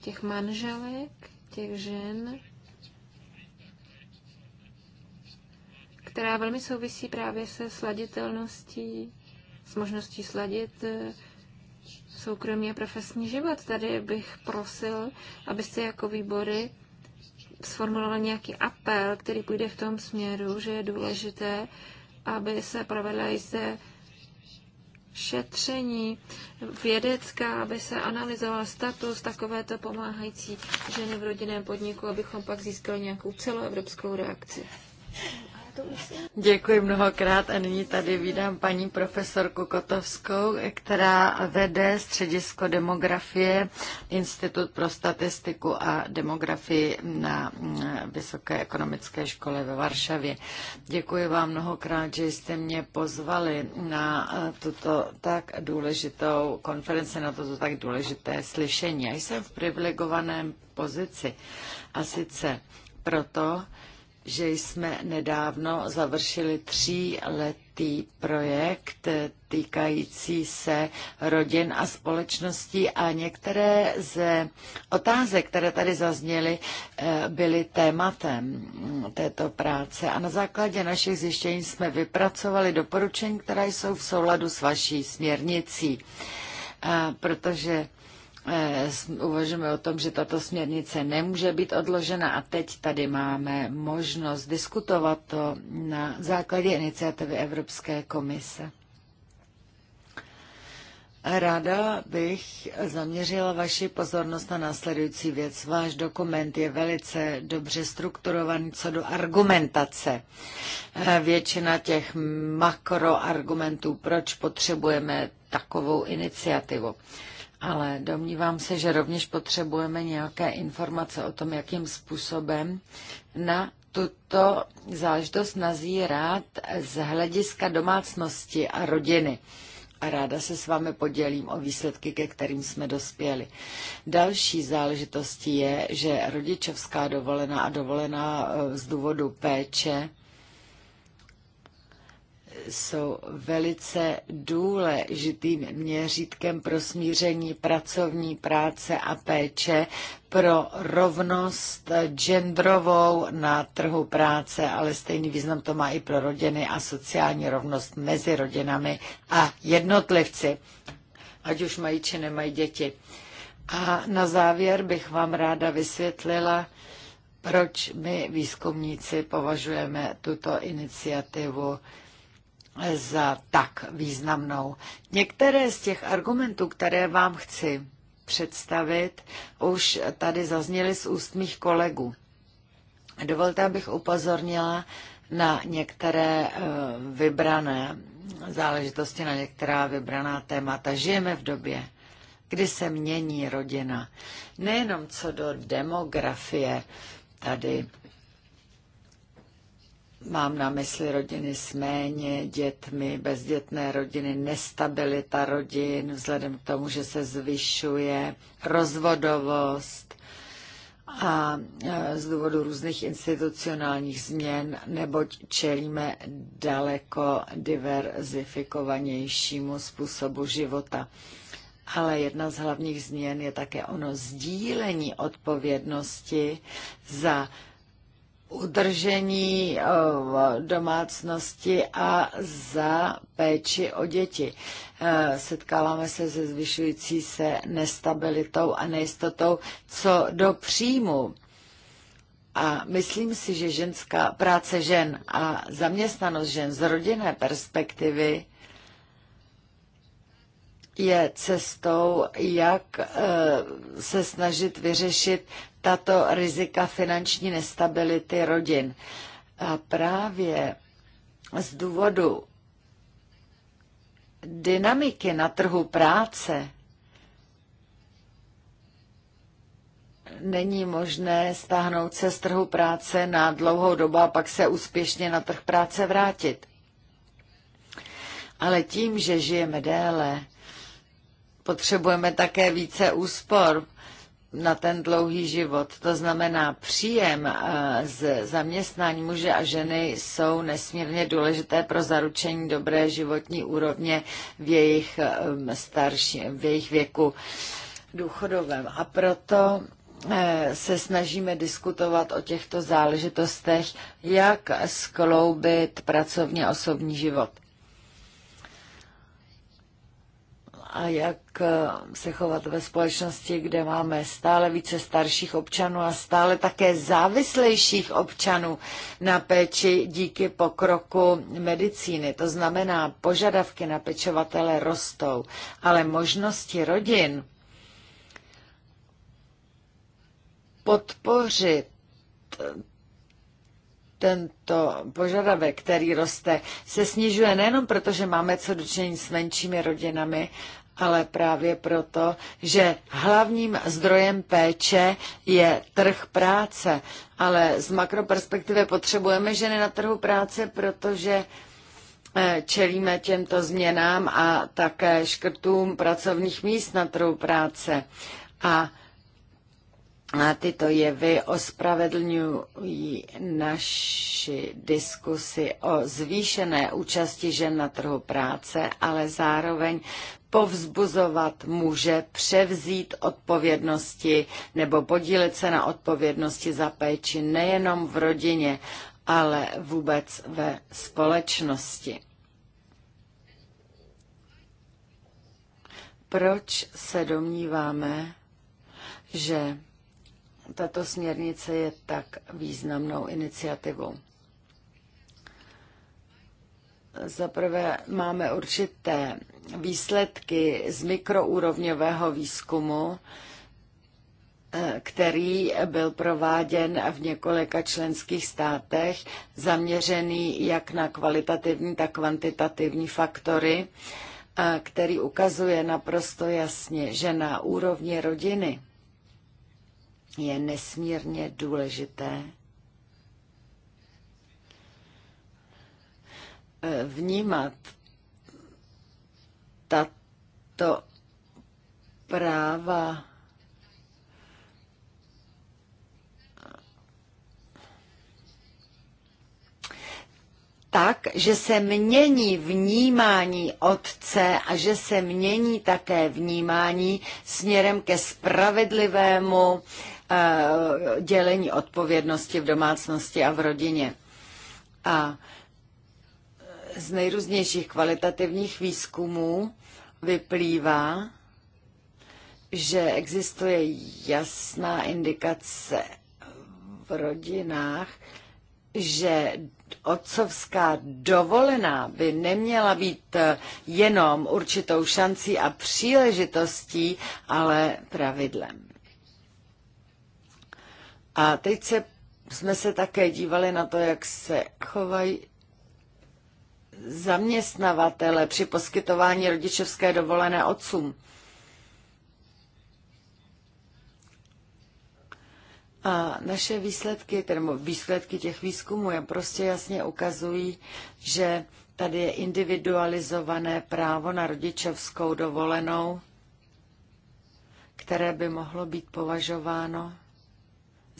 těch manželek, těch žen, která velmi souvisí právě se sladitelností, s možností sladit eh, soukromý a profesní život. Tady bych prosil, abyste jako výbory sformuloval nějaký apel, který půjde v tom směru, že je důležité, aby se provedla jisté šetření vědecká, aby se analyzoval status takovéto pomáhající ženy v rodinném podniku, abychom pak získali nějakou celoevropskou reakci. Děkuji mnohokrát a nyní tady vídám paní profesorku Kotovskou, která vede středisko demografie, Institut pro statistiku a demografii na mm, Vysoké ekonomické škole ve Varšavě. Děkuji vám mnohokrát, že jste mě pozvali na eh, tuto tak důležitou konferenci, na toto tak důležité slyšení. Já jsem v privilegovaném pozici a sice proto, že jsme nedávno završili tříletý projekt týkající se rodin a společností a některé z otázek, které tady zazněly, eh, byly tématem této práce. A na základě našich zjištění jsme vypracovali doporučení, která jsou v souladu s vaší směrnicí protože Eh, uvažujeme o tom, že tato směrnice nemůže být odložena a teď tady máme možnost diskutovat to na základě iniciativy Evropské komise. Ráda bych zaměřila vaši pozornost na následující věc. Váš dokument je velice dobře strukturovaný co do argumentace. Eh, většina těch makroargumentů, proč potřebujeme takovou iniciativu. Ale domnívám se, že rovněž potřebujeme nějaké informace o tom, jakým způsobem na tuto záležitost nazírat z hlediska domácnosti a rodiny. A ráda se s vámi podělím o výsledky, ke kterým jsme dospěli. Další záležitostí je, že rodičovská dovolená a dovolená eh, z důvodu péče jsou velice důležitým měřítkem pro smíření pracovní práce a péče pro rovnost genderovou na trhu práce, ale stejný význam to má i pro rodiny a sociální rovnost mezi rodinami a jednotlivci, ať už mají či nemají děti. A na závěr bych vám ráda vysvětlila, proč my výzkumníci považujeme tuto iniciativu za tak významnou. Některé z těch argumentů, které vám chci představit, už tady zazněly z úst mých kolegů. Dovolte, abych upozornila na některé eh, vybrané záležitosti, na některá vybraná témata. Žijeme v době, kdy se mění rodina. Nejenom co do demografie, tady Mám na mysli rodiny s méně dětmi, bezdětné rodiny, nestabilita rodin, vzhledem k tomu, že se zvyšuje rozvodovost a z důvodu různých institucionálních změn, neboť čelíme daleko diverzifikovanějšímu způsobu života. Ale jedna z hlavních změn je také ono sdílení odpovědnosti za udržení eh, v domácnosti a za péči o děti. Eh, setkáváme se se zvyšující se nestabilitou a nejistotou co do příjmu. A myslím si, že ženská práce žen a zaměstnanost žen z rodinné perspektivy je cestou, jak eh, se snažit vyřešit tato rizika finanční nestability rodin. A právě z důvodu dynamiky na trhu práce není možné stáhnout se z trhu práce na dlouhou dobu a pak se úspěšně na trh práce vrátit. Ale tím, že žijeme déle, potřebujeme také více úspor na ten dlouhý život. To znamená, příjem eh, z zaměstnání muže a ženy jsou nesmírně důležité pro zaručení dobré životní úrovně v jejich, eh, starší, v jejich věku důchodovém. A proto eh, se snažíme diskutovat o těchto záležitostech, jak skloubit pracovně osobní život. a jak eh, se chovat ve společnosti, kde máme stále více starších občanů a stále také závislejších občanů na péči díky pokroku medicíny. To znamená, požadavky na pečovatele rostou, ale možnosti rodin podpořit eh, tento požadavek, který roste, se snižuje nejenom proto, že máme co dočinit s menšími rodinami, ale právě proto, že hlavním zdrojem péče je trh práce. Ale z makroperspektivy potřebujeme ženy na trhu práce, protože eh, čelíme těmto změnám a také škrtům pracovních míst na trhu práce. A a tyto jevy ospravedlňují naši diskusy o zvýšené účasti žen na trhu práce, ale zároveň povzbuzovat muže převzít odpovědnosti nebo podílet se na odpovědnosti za péči nejenom v rodině, ale vůbec ve společnosti. Proč se domníváme, že tato směrnice je tak významnou iniciativou. Zaprvé máme určité výsledky z mikroúrovňového výzkumu, eh, který byl prováděn v několika členských státech, zaměřený jak na kvalitativní, tak kvantitativní faktory, eh, který ukazuje naprosto jasně, že na úrovni rodiny Vlastně je nesmírně důležité eh, vnímat tato práva tak, že se mění vnímání otce a že se mění také vnímání směrem ke spravedlivému dělení odpovědnosti v domácnosti a v rodině. A z nejrůznějších kvalitativních výzkumů vyplývá, že existuje jasná indikace v rodinách, že otcovská dovolená by neměla být jenom určitou šancí a příležitostí, ale pravidlem. A teď se, jsme se také dívali na to, jak se chovají zaměstnavatele při poskytování rodičovské dovolené otcům. A naše výsledky, tedy výsledky těch výzkumů, je prostě jasně ukazují, že tady je individualizované právo na rodičovskou dovolenou, které by mohlo být považováno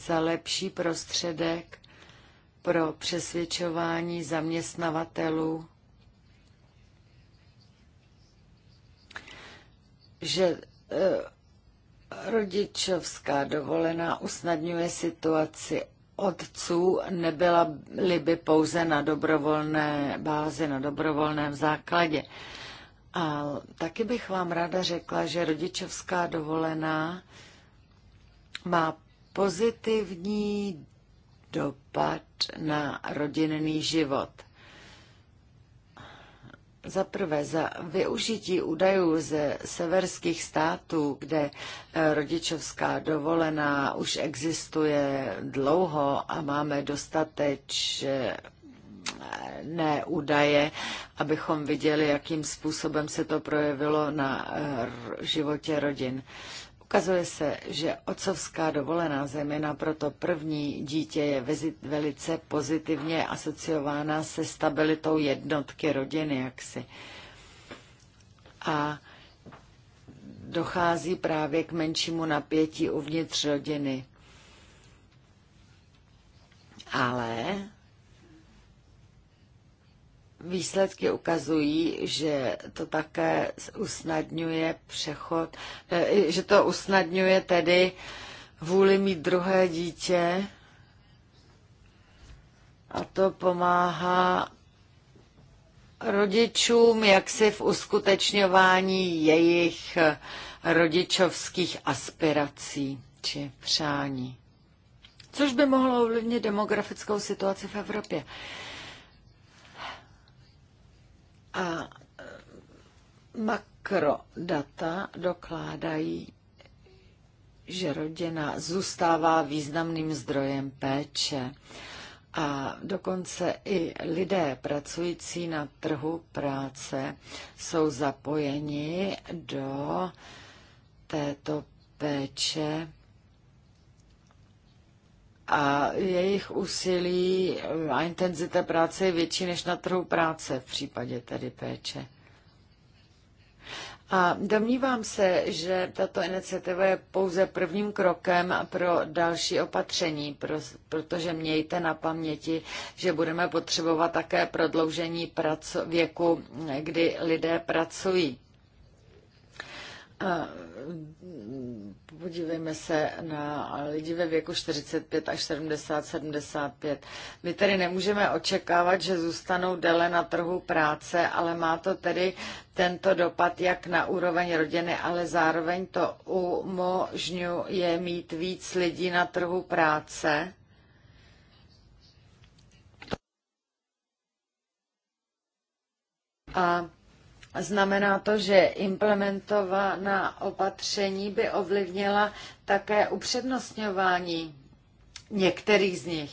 za lepší prostředek pro přesvědčování zaměstnavatelů, že eh, rodičovská dovolená usnadňuje situaci otců, nebyla by pouze na dobrovolné bázi, na dobrovolném základě. A taky bych vám ráda řekla, že rodičovská dovolená má pozitivní dopad na rodinný život. Za prvé, za využití údajů ze severských států, kde eh, rodičovská dovolená už existuje dlouho a máme dostateč ne údaje, abychom viděli, jakým způsobem se to projevilo na eh, životě rodin. Ukazuje se, že otcovská dovolená zejména proto první dítě je velice pozitivně asociována se stabilitou jednotky rodiny jaksi. A dochází právě k menšímu napětí uvnitř rodiny. Ale Výsledky ukazují, že to také usnadňuje přechod, eh, že to usnadňuje tedy vůli mít druhé dítě a to pomáhá rodičům jaksi v uskutečňování jejich rodičovských aspirací či přání. Což by mohlo ovlivnit demografickou situaci v Evropě. A e, makrodata dokládají, že rodina zůstává významným zdrojem péče. A dokonce i lidé pracující na trhu práce jsou zapojeni do této péče a jejich úsilí a intenzita práce je větší než na trhu práce v případě tedy péče. A domnívám se, že tato iniciativa je pouze prvním krokem pro další opatření, protože mějte na paměti, že budeme potřebovat také prodloužení věku, kdy lidé pracují. Podívejme se na lidi ve věku 45 až 70, 75. My tedy nemůžeme očekávat, že zůstanou déle na trhu práce, ale má to tedy tento dopad jak na úroveň rodiny, ale zároveň to umožňuje mít víc lidí na trhu práce. A Znamená to, že implementovaná opatření by ovlivnila také upřednostňování některých z nich.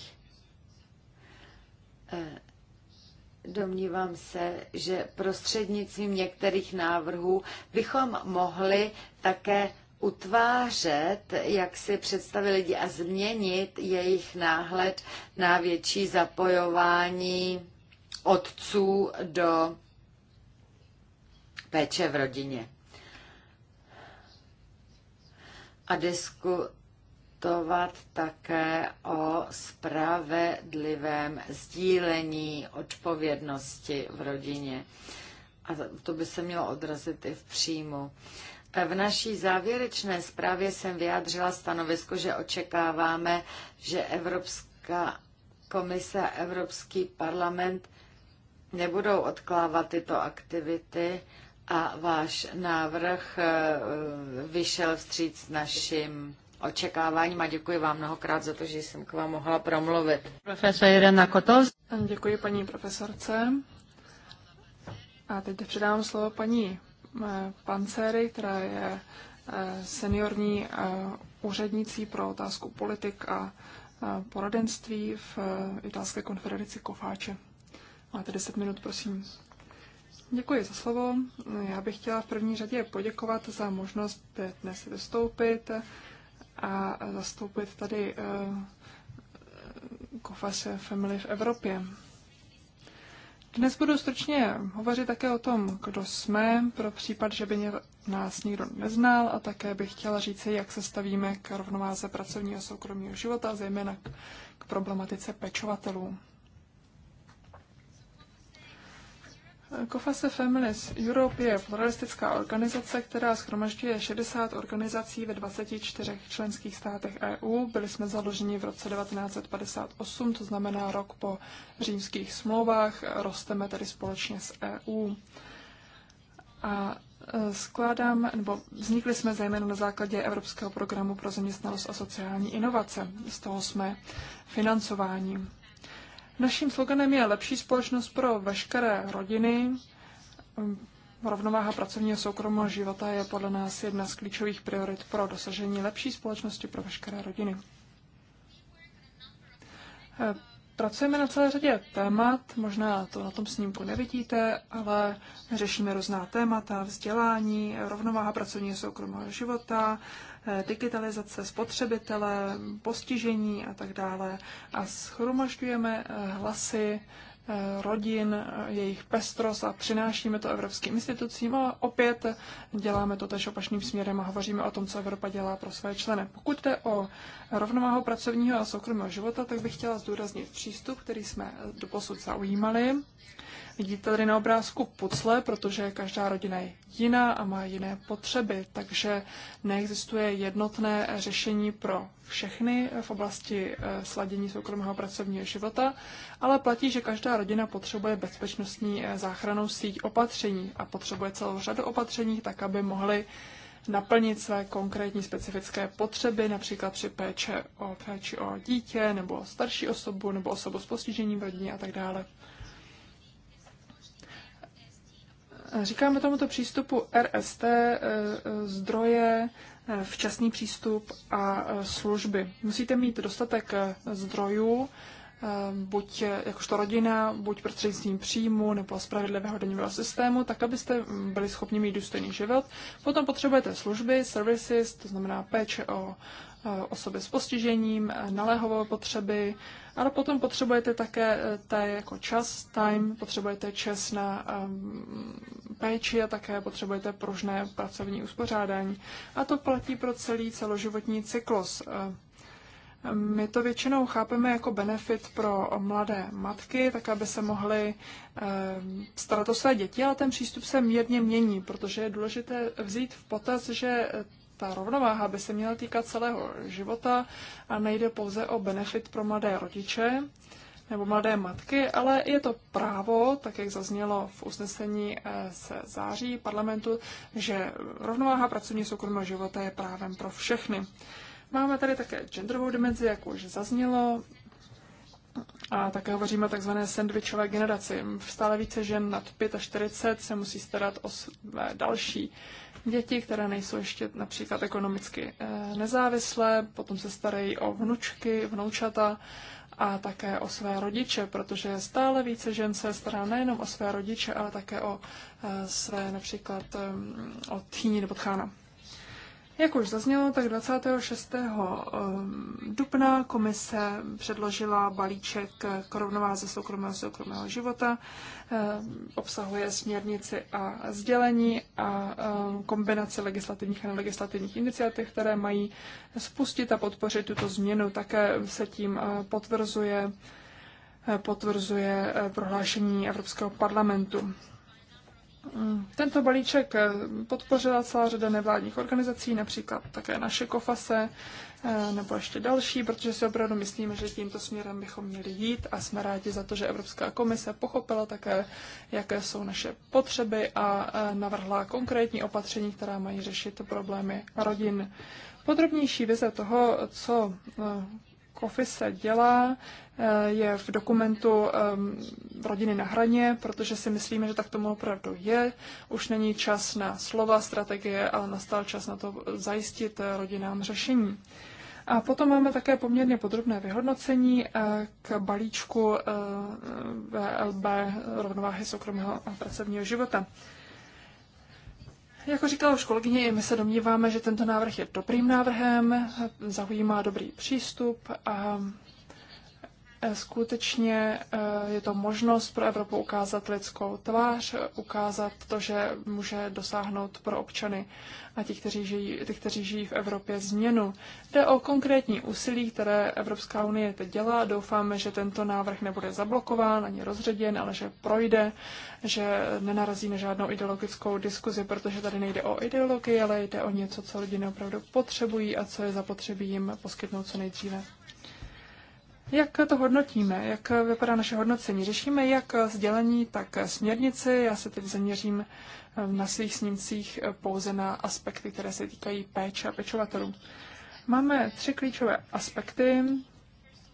Eh, domnívám se, že prostřednictvím některých návrhů bychom mohli také utvářet, jak si představí lidi a změnit jejich náhled na větší zapojování otců do péče v rodině. A diskutovat také o spravedlivém sdílení odpovědnosti v rodině. A to by se mělo odrazit i v příjmu. E, v naší závěrečné zprávě jsem vyjádřila stanovisko, že očekáváme, že Evropská komise a Evropský parlament nebudou odklávat tyto aktivity a váš návrh eh, vyšel vstříc našim očekáváním a děkuji vám mnohokrát za to, že jsem k vám mohla promluvit. Profesor Irena Kotos. Děkuji paní profesorce. A teď předám slovo paní eh, Pancery, která je eh, seniorní úřednicí pro otázku politik a poradenství v italské konferenci Kofáče. Máte 10 minut, prosím. Děkuji za slovo. Já bych chtěla v první řadě poděkovat za možnost dnes vystoupit a zastoupit tady eh, Kofas Family v Evropě. Dnes budu stručně hovořit také o tom, kdo jsme, pro případ, že by nás nikdo neznal a také bych chtěla říci, jak se stavíme k rovnováze pracovního a soukromého života, zejména k, k problematice pečovatelů. Kofase Families Europe je pluralistická organizace, která schromažďuje 60 organizací ve 24 členských státech EU. Byli jsme založeni v roce 1958, to znamená rok po římských smlouvách. Rosteme tedy společně s EU. A e, skládám, nebo vznikli jsme zejména na základě Evropského programu pro zaměstnanost a sociální inovace. Z toho jsme financováni. Naším sloganem je lepší společnost pro veškeré rodiny. Rovnováha pracovního soukromého života je podle nás jedna z klíčových priorit pro dosažení lepší společnosti pro veškeré rodiny. Pracujeme na celé řadě témat, možná to na tom snímku nevidíte, ale řešíme různá témata, vzdělání, rovnováha pracovního soukromého života, Eh, digitalizace spotřebitele, postižení a tak dále. A schromažďujeme eh, hlasy eh, rodin, jejich pestrost a přinášíme to evropským institucím a opět děláme to tež opačným směrem a hovoříme o tom, co Evropa dělá pro své členy. Pokud jde o rovnováhu pracovního a soukromého života, tak bych chtěla zdůraznit přístup, který jsme do posud zaujímali. Vidíte tady na obrázku pucle, protože každá rodina je jiná a má jiné potřeby, takže neexistuje jednotné řešení pro všechny v oblasti eh, sladění soukromého pracovního života, ale platí, že každá rodina potřebuje bezpečnostní eh, záchranou síť opatření a potřebuje celou řadu opatření, tak aby mohly naplnit své konkrétní specifické potřeby, například při péče o péči o dítě, nebo starší osobu, nebo osobu s postižením v rodině a tak dále. Říkáme tomuto přístupu RST eh, eh, zdroje, eh, včasný přístup a služby. Musíte mít dostatek zdrojů, buď jakožto rodina, buď prostřednictvím příjmu nebo spravedlivého daňového systému, tak abyste mm, byli schopni mít důstojný život. Potom potřebujete služby, services, to znamená péče o osoby s postižením, naléhové potřeby, ale potom potřebujete také eh, té jako čas, time, potřebujete čas na um, péči a také potřebujete pružné pracovní uspořádání. A to platí pro celý celoživotní cyklus. Eh, my to většinou chápeme jako benefit pro mladé matky, tak aby se mohly ehm, starat o své děti, ale ten přístup se mírně mění, protože je důležité vzít v potaz, že ta rovnováha by se měla týkat celého života a nejde pouze o benefit pro mladé rodiče nebo mladé matky, ale je to právo, tak jak zaznělo v usnesení eh, se září parlamentu, že rovnováha pracovní soukromého života je právem pro všechny. Máme tady také genderovou dimenzi, jak už zaznělo, a také hovoříme o takzvané sandvičové generaci. Stále více žen nad 45 se musí starat o své další děti, které nejsou ještě například ekonomicky eh, nezávislé, potom se starají o vnučky, vnoučata a také o své rodiče, protože stále více žen se stará nejenom o své rodiče, ale také o eh, své například o tchýni nebo tchána. Jak už zaznělo, tak 26. Ehm, dubna komise předložila balíček k rovnováze soukromého soukromého života. Ehm, obsahuje směrnici a sdělení a ehm, kombinaci legislativních a nelegislativních iniciativ, které mají spustit a podpořit tuto změnu. Také se tím eh, potvrzuje eh, potvrzuje eh, prohlášení Evropského parlamentu. Tento balíček eh, podpořila celá řada nevládních organizací, například také naše Kofase, eh, nebo ještě další, protože si opravdu myslíme, že tímto směrem bychom měli jít a jsme rádi za to, že Evropská komise pochopila také, jaké jsou naše potřeby a eh, navrhla konkrétní opatření, která mají řešit problémy rodin. Podrobnější vize toho, co Kofise dělá, je v dokumentu Rodiny na hraně, protože si myslíme, že tak tomu opravdu je. Už není čas na slova, strategie, ale nastal čas na to zajistit rodinám řešení. A potom máme také poměrně podrobné vyhodnocení eh, k balíčku eh, VLB rovnováhy soukromého a pracovního života. Jako říkala už kolegyně, i my se domníváme, že tento návrh je dobrým návrhem, zaujímá dobrý přístup a Eh, skutečně eh, je to možnost pro Evropu ukázat lidskou tvář, ukázat to, že může dosáhnout pro občany a ti, kteří žijí, ty, kteří žijí v Evropě, změnu. Jde o konkrétní úsilí, které Evropská unie teď dělá. Doufáme, že tento návrh nebude zablokován ani rozředěn, ale že projde, že nenarazí na žádnou ideologickou diskuzi, protože tady nejde o ideologii, ale jde o něco, co lidi opravdu potřebují a co je zapotřebí jim poskytnout co nejdříve. Jak to hodnotíme? Jak vypadá naše hodnocení? Řešíme jak sdělení, tak směrnici. Já se teď zaměřím eh, na svých snímcích eh, pouze na aspekty, které se týkají péče a pečovatelů. Máme tři klíčové aspekty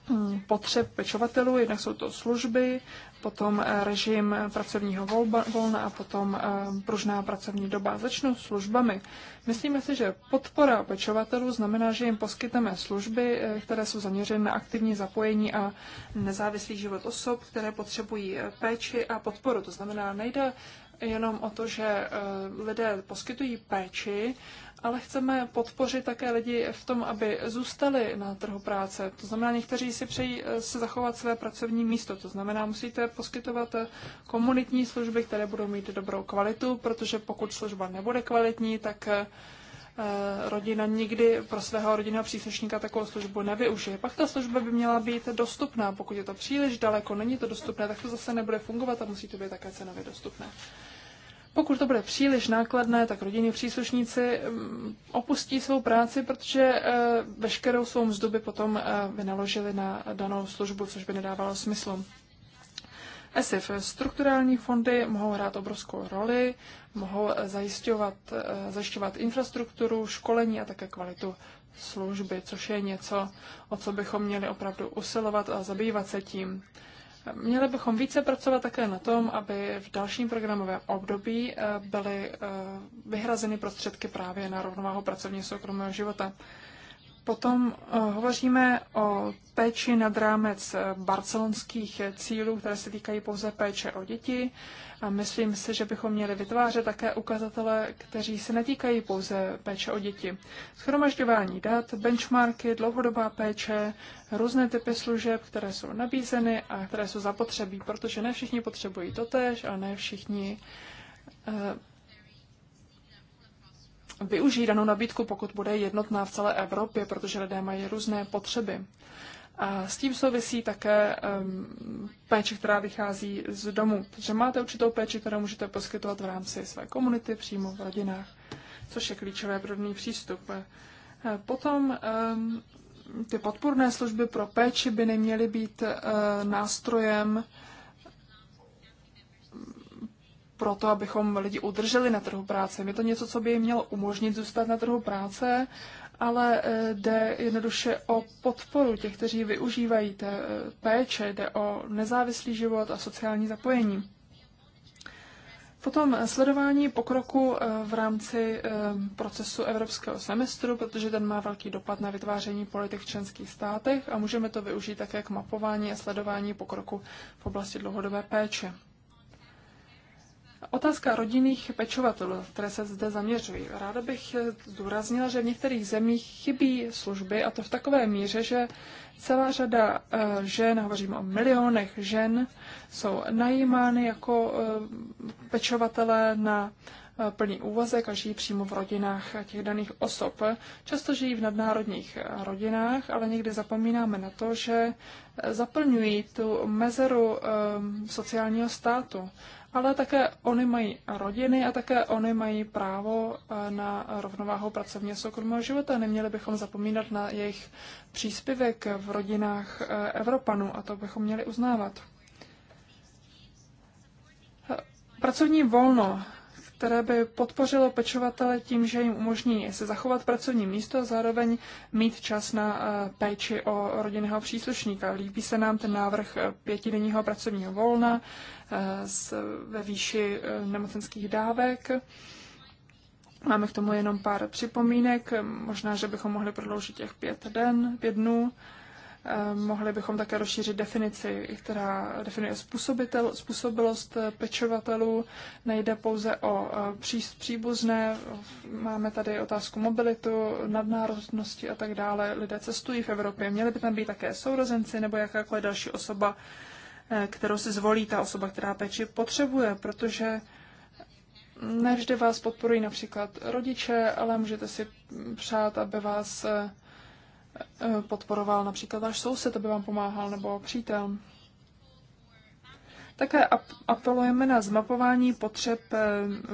hmm, potřeb pečovatelů. Jednak jsou to služby, potom eh, režim pracovního volba, volna a potom eh, pružná pracovní doba. Začnu službami. Myslíme si, že podpora pečovatelů znamená, že jim poskytneme služby, eh, které jsou zaměřeny na aktivní zapojení a nezávislý život osob, které potřebují péči a podporu. To znamená, nejde jenom o to, že lidé poskytují péči, ale chceme podpořit také lidi v tom, aby zůstali na trhu práce. To znamená, někteří si přejí eh, se zachovat své pracovní místo. To znamená, musíte poskytovat eh, komunitní služby, které budou mít dobrou kvalitu, protože pokud služba nebude kvalitní, tak eh, rodina nikdy pro svého rodinného příslušníka takovou službu nevyužije. Pak ta služba by měla být dostupná. Pokud je to příliš daleko, není to dostupné, tak to zase nebude fungovat a musí to být také cenově dostupné. Pokud to bude příliš nákladné, tak rodinní příslušníci mm, opustí svou práci, protože eh, veškerou svou mzdu by potom eh, vynaložili na danou službu, což by nedávalo smysl. ESIF, strukturální fondy mohou hrát obrovskou roli, mohou eh, zajišťovat, zajišťovat infrastrukturu, školení a také kvalitu služby, což je něco, o co bychom měli opravdu usilovat a zabývat se tím. Měli bychom více pracovat také na tom, aby v dalším programovém období eh, byly eh, vyhrazeny prostředky právě na rovnováhu pracovního soukromého života. Potom eh, hovoříme o péči nad rámec eh, barcelonských eh, cílů, které se týkají pouze péče o děti. A myslím si, že bychom měli vytvářet také ukazatele, kteří se netýkají pouze péče o děti. Schromažďování dat, benchmarky, dlouhodobá péče, různé typy služeb, které jsou nabízeny a které jsou zapotřebí, protože ne všichni potřebují totéž a ne všichni využijí danou nabídku, pokud bude jednotná v celé Evropě, protože lidé mají různé potřeby. A s tím souvisí také um, péče, která vychází z domu. Takže máte určitou péči, kterou můžete poskytovat v rámci své komunity, přímo v rodinách, což je klíčové pro dný přístup. E, potom um, ty podpůrné služby pro péči by neměly být uh, nástrojem, pro to, abychom lidi udrželi na trhu práce. Je to něco, co by jim mělo umožnit zůstat na trhu práce, ale eh, jde jednoduše o podporu těch, kteří využívají té eh, péče, jde o nezávislý život a sociální zapojení. Potom eh, sledování pokroku v rámci procesu evropského semestru, protože ten má velký dopad na vytváření politik v členských státech a můžeme to využít také k mapování a sledování pokroku v oblasti dlouhodobé péče. Otázka rodinných pečovatelů, které se zde zaměřují. Ráda bych zdůraznila, že v některých zemích chybí služby a to v takové míře, že celá řada eh, žen, hovořím o milionech žen, jsou najímány jako eh, pečovatelé na eh, plný úvazek a žijí přímo v rodinách těch daných osob. Často žijí v nadnárodních rodinách, ale někdy zapomínáme na to, že zaplňují tu mezeru sociálního státu ale také oni mají rodiny a také oni mají právo eh, na rovnováhu pracovně soukromého života. Neměli bychom zapomínat na jejich příspěvek v rodinách eh, Evropanů a to bychom měli uznávat. Eh, pracovní volno, které by podpořilo pečovatele tím, že jim umožní se zachovat pracovní místo a zároveň mít čas na péči o rodinného příslušníka. Líbí se nám ten návrh pětidenního pracovního volna, ve výši eh, nemocenských dávek. Máme k tomu jenom pár připomínek. Možná, že bychom mohli prodloužit těch pět, den, pět dnů. Eh, mohli bychom také rozšířit definici, která definuje způsobitel, způsobilost eh, pečovatelů. Nejde pouze o příbuzné, máme tady otázku mobilitu, nadnárodnosti a tak dále. Lidé cestují v Evropě, měli by tam být také sourozenci nebo jakákoliv další osoba, kterou si zvolí ta osoba, která péči potřebuje, protože nevždy vás podporují například rodiče, ale můžete si přát, aby vás eh, eh, podporoval například váš soused, aby vám pomáhal, nebo přítel. Také apelujeme na zmapování potřeb eh,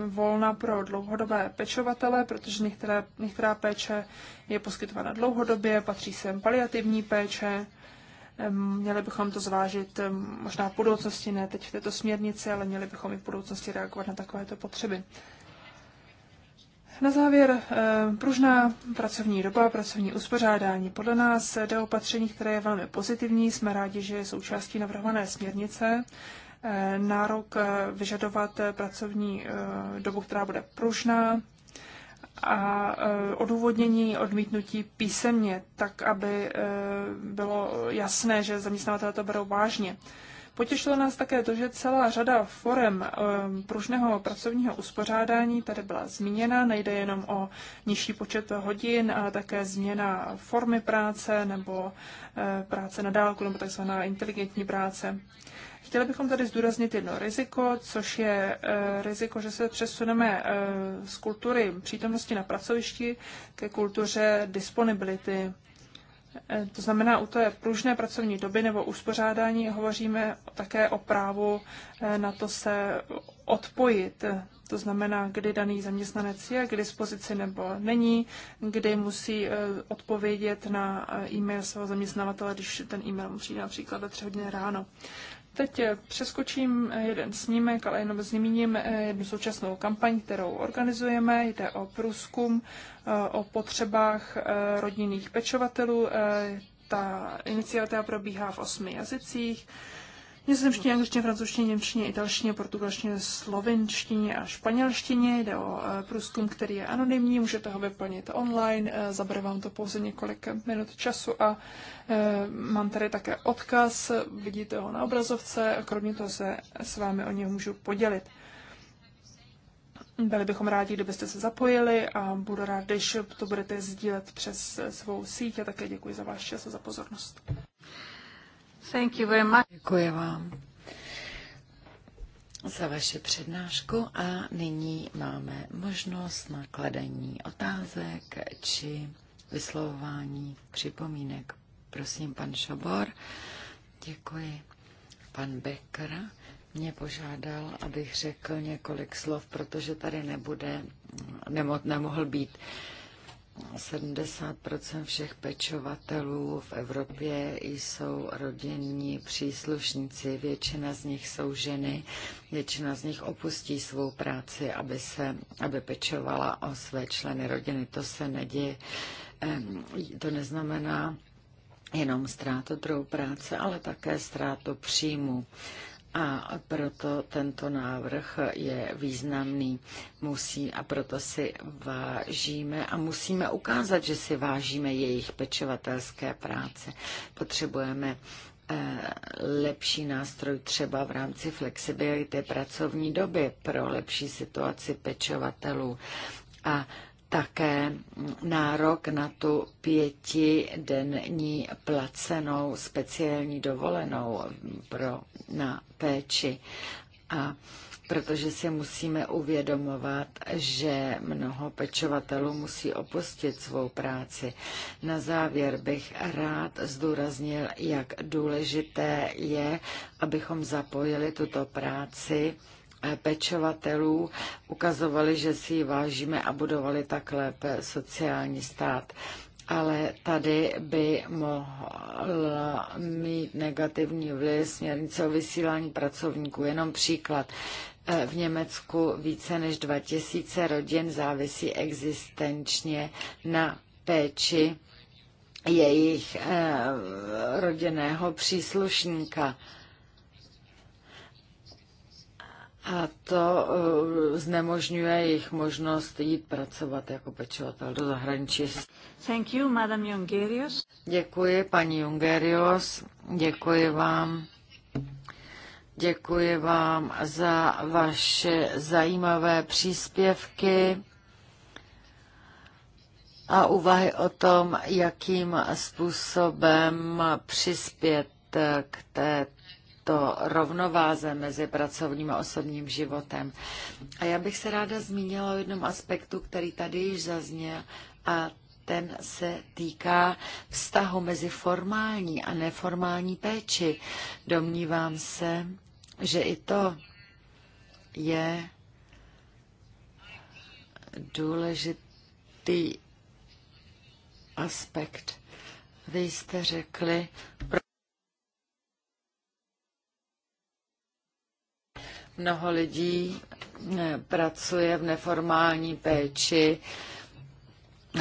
volna pro dlouhodobé pečovatele, protože některé, některá péče je poskytována dlouhodobě, patří sem paliativní péče, Měli bychom to zvážit možná v budoucnosti, ne teď v této směrnici, ale měli bychom i v budoucnosti reagovat na takovéto potřeby. Na závěr, pružná pracovní doba, pracovní uspořádání. Podle nás jde o opatření, které je velmi pozitivní. Jsme rádi, že je součástí navrhované směrnice. Nárok eh, vyžadovat eh, pracovní eh, dobu, která bude pružná, a e, odůvodnění odmítnutí písemně, tak aby e, bylo jasné, že zaměstnavatele to berou vážně. Potěšilo nás také to, že celá řada forem e, pružného pracovního uspořádání tady byla zmíněna. Nejde jenom o nižší počet hodin, ale také změna formy práce nebo práce na dálku nebo takzvaná inteligentní práce. Chtěli bychom tady zdůraznit jedno riziko, což je eh, riziko, že se přesuneme eh, z kultury přítomnosti na pracovišti ke kultuře disponibility. Eh, to znamená, u té pružné pracovní doby nebo uspořádání hovoříme také o právu na to se odpojit. To znamená, kdy daný zaměstnanec je k dispozici nebo není, kdy musí odpovědět na e-mail svého zaměstnavatele, když ten e-mail přijde například ve tři hodiny ráno. Teď eh, přeskočím eh, jeden snímek, ale jenom zmíním eh, jednu současnou kampaň, kterou organizujeme. Jde o průzkum o potřebách rodinných pečovatelů. Ta iniciativa probíhá v osmi jazycích nizozemštině, angličtině, francouzštině, němčině, italštině, portugalštině, slovenštině a španělštině. Jde o eh, průzkum, který je anonymní, můžete ho vyplnit online, eh, zabere vám to pouze několik minut času a eh, mám tady také odkaz, vidíte ho na obrazovce a kromě toho se s vámi o něj můžu podělit. Byli bychom rádi, kdybyste se zapojili a budu rád, když to budete sdílet přes svou síť a také děkuji za váš čas a za pozornost. Děkuji vám za vaši přednášku a nyní máme možnost nakladení otázek či vyslovování připomínek. Prosím, pan Šobor. Děkuji. Pan Becker mě požádal, abych řekl několik slov, protože tady nebude, nemo, nemohl být. Uh, 70 všech pečovatelů v Evropě jsou rodinní příslušníci. Většina z nich jsou ženy, většina z nich opustí svou práci, aby, se, aby pečovala o své členy rodiny. To se neděje. To neznamená jenom ztrátu druhou práce, ale také ztrátu příjmu. A proto tento návrh je významný. Musí a proto si vážíme a musíme ukázat, že si vážíme jejich pečovatelské práce. Potřebujeme eh, lepší nástroj třeba v rámci flexibility pracovní doby pro lepší situaci pečovatelů. A také nárok na tu pětidenní placenou speciální dovolenou pro, na péči. A protože si musíme uvědomovat, že mnoho pečovatelů musí opustit svou práci. Na závěr bych rád zdůraznil, jak důležité je, abychom zapojili tuto práci eh, pečovatelů, ukazovali, že si ji vážíme a budovali tak lépe sociální stát ale tady by mohl mít negativní vliv směrnice o vysílání pracovníků. Jenom příklad. E, v Německu více než 2000 rodin závisí existenčně na péči jejich e, rodinného příslušníka. A to uh, znemožňuje jejich možnost jít pracovat jako pečovatel do zahraničí. Thank you, Madam Jungerius. Děkuji, paní Jungerius. Děkuji vám. Děkuji vám za vaše zajímavé příspěvky a úvahy o tom, jakým způsobem přispět k této to rovnováze mezi pracovním a osobním životem. A já bych se ráda zmínila o jednom aspektu, který tady již zazněl, a ten se týká vztahu mezi formální a neformální péči. Domnívám se, že i to je důležitý aspekt. Vy jste řekli, Mnoho lidí eh, pracuje v neformální péči.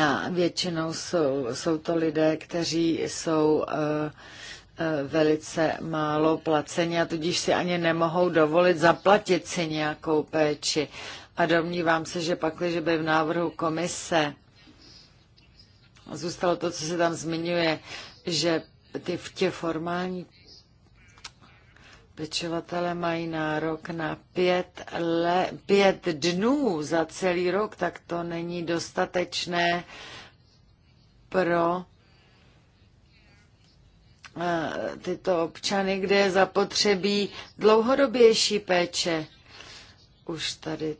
A většinou jsou, jsou to lidé, kteří jsou eh, eh, velice málo placeni a tudíž si ani nemohou dovolit zaplatit si nějakou péči. A domnívám se, že pak, že by v návrhu komise zůstalo to, co se tam zmiňuje, že ty, v tě formální Pečovatele mají nárok na pět, le, pět dnů za celý rok, tak to není dostatečné pro eh, tyto občany, kde je zapotřebí dlouhodobější péče. Už tady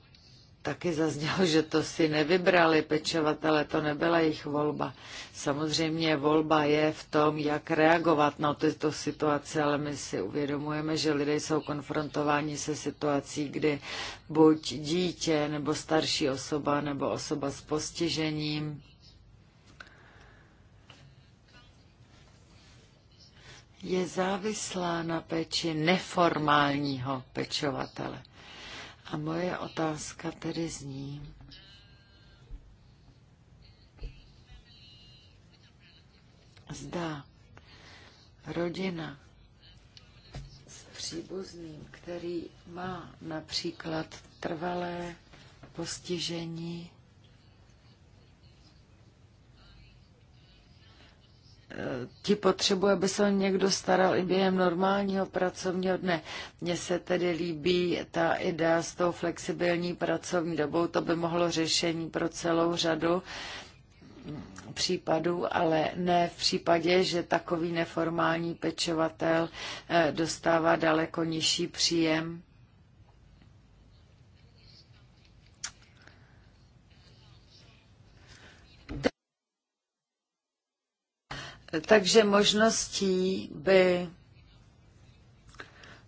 taky zaznělo, že to si nevybrali pečovatele, to nebyla jejich volba. Samozřejmě volba je v tom, jak reagovat na tyto situace, ale my si uvědomujeme, že lidé jsou konfrontováni se situací, kdy buď dítě, nebo starší osoba, nebo osoba s postižením, je závislá na péči neformálního pečovatele. A moje otázka tedy zní, zda rodina s příbuzným, který má například trvalé postižení, ti potřebuje, aby se o někdo staral i během normálního pracovního dne. Mně se tedy líbí ta idea s tou flexibilní pracovní dobou, to by mohlo řešení pro celou řadu případů, ale ne v případě, že takový neformální pečovatel eh, dostává daleko nižší příjem Takže možností by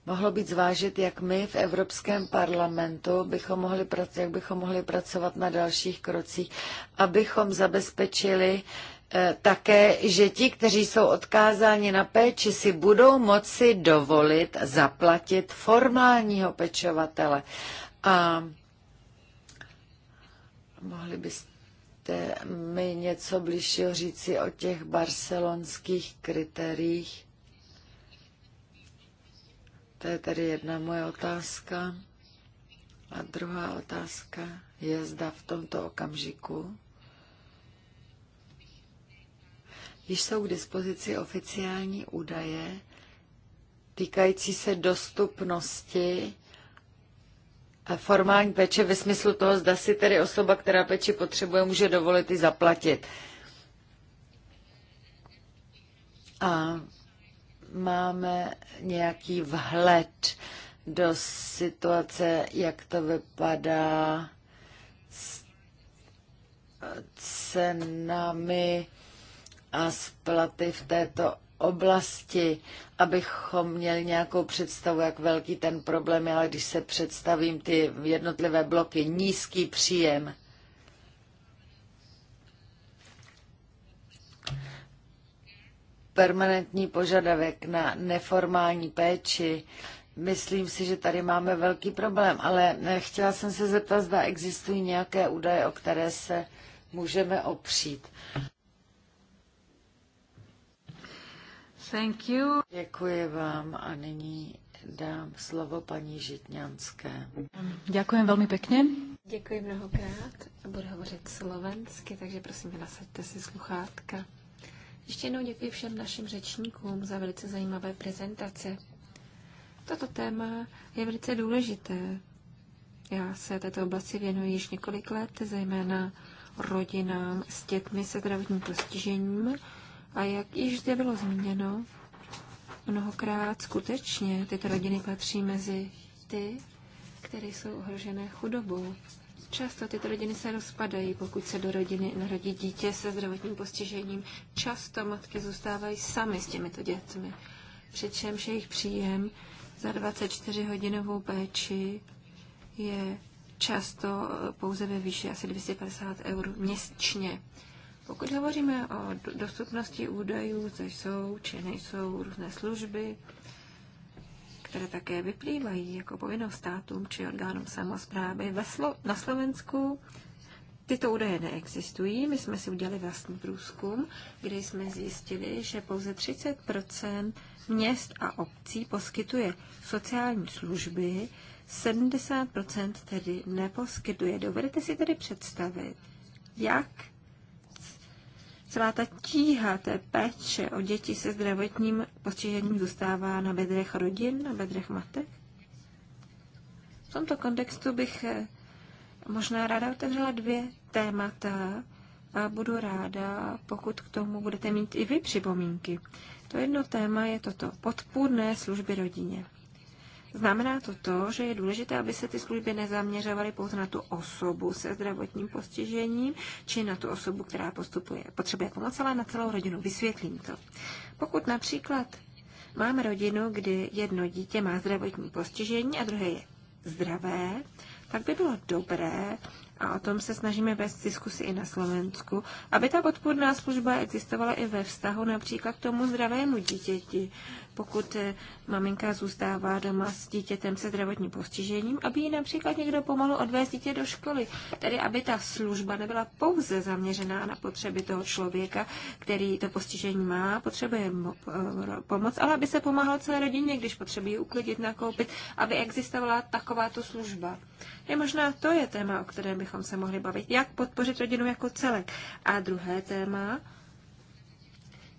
mohlo být zvážit, jak my v Evropském parlamentu bychom mohli, jak bychom mohli pracovat na dalších krocích, abychom zabezpečili eh, také, že ti, kteří jsou odkázáni na péči, si budou moci dovolit zaplatit formálního pečovatele. A mohli byste Můžete mi něco bližšího říci o těch barcelonských kritériích? To je tedy jedna moje otázka. A druhá otázka je, zda v tomto okamžiku již jsou k dispozici oficiální údaje týkající se dostupnosti a formální péče ve smyslu toho, zda si tedy osoba, která péči potřebuje, může dovolit i zaplatit. A máme nějaký vhled do situace, jak to vypadá s cenami a splaty v této oblasti, abychom měli nějakou představu, jak velký ten problém je, ale když se představím ty jednotlivé bloky, nízký příjem, permanentní požadavek na neformální péči, Myslím si, že tady máme velký problém, ale eh, chtěla jsem se zeptat, zda existují nějaké údaje, o které se můžeme opřít. Thank you. Děkuji vám a nyní dám slovo paní Žitňanské. Děkuji velmi pěkně. Děkuji mnohokrát budu hovořit slovensky, takže prosím, nasaďte si sluchátka. Ještě jednou děkuji všem našim řečníkům za velice zajímavé prezentace. Toto téma je velice důležité. Já se této oblasti věnuji již několik let, zejména rodinám s dětmi se zdravotním postižením a jak již zde bylo zmíněno, mnohokrát skutečně tyto rodiny patří mezi ty, které jsou ohrožené chudobou. Často tyto rodiny se rozpadají, pokud se do rodiny narodí dítě se zdravotním postižením. Často matky zůstávají sami s těmito dětmi, přičemž jejich příjem za 24-hodinovou péči je často pouze ve výši asi 250 eur měsíčně. Pokud hovoříme o dostupnosti údajů, což jsou či nejsou různé služby, které také vyplývají jako povinnost státům či orgánům samozprávy, na Slovensku tyto údaje neexistují. My jsme si udělali vlastní průzkum, kde jsme zjistili, že pouze 30 měst a obcí poskytuje sociální služby, 70 tedy neposkytuje. Dovedete si tedy představit, jak celá ta tíha té péče o děti se zdravotním postižením zůstává na bedrech rodin, na bedrech matek? V tomto kontextu bych eh, možná ráda otevřela dvě témata a budu ráda, pokud k tomu budete mít i vy připomínky. To jedno téma je toto podpůrné služby rodině. Znamená to to, že je důležité, aby se ty služby nezaměřovaly pouze na tu osobu se zdravotním postižením, či na tu osobu, která postupuje, potřebuje pomoc, ale na celou rodinu. Vysvětlím to. Pokud například máme rodinu, kdy jedno dítě má zdravotní postižení a druhé je zdravé, tak by bylo dobré, a o tom se snažíme vést diskusy i na Slovensku, aby ta podpůrná služba existovala i ve vztahu například k tomu zdravému dítěti. Pokud eh, maminka zůstává doma s dítětem se zdravotním postižením, aby ji například někdo pomalu odvést dítě do školy. Tedy aby ta služba nebyla pouze zaměřená na potřeby toho člověka, který to postižení má, potřebuje eh, pomoc, ale aby se pomáhalo celé rodině, když potřebuje uklidit, nakoupit, aby existovala takováto služba. Je možná to je téma, o kterém bych bychom se mohli bavit, jak podpořit rodinu jako celek. A druhé téma,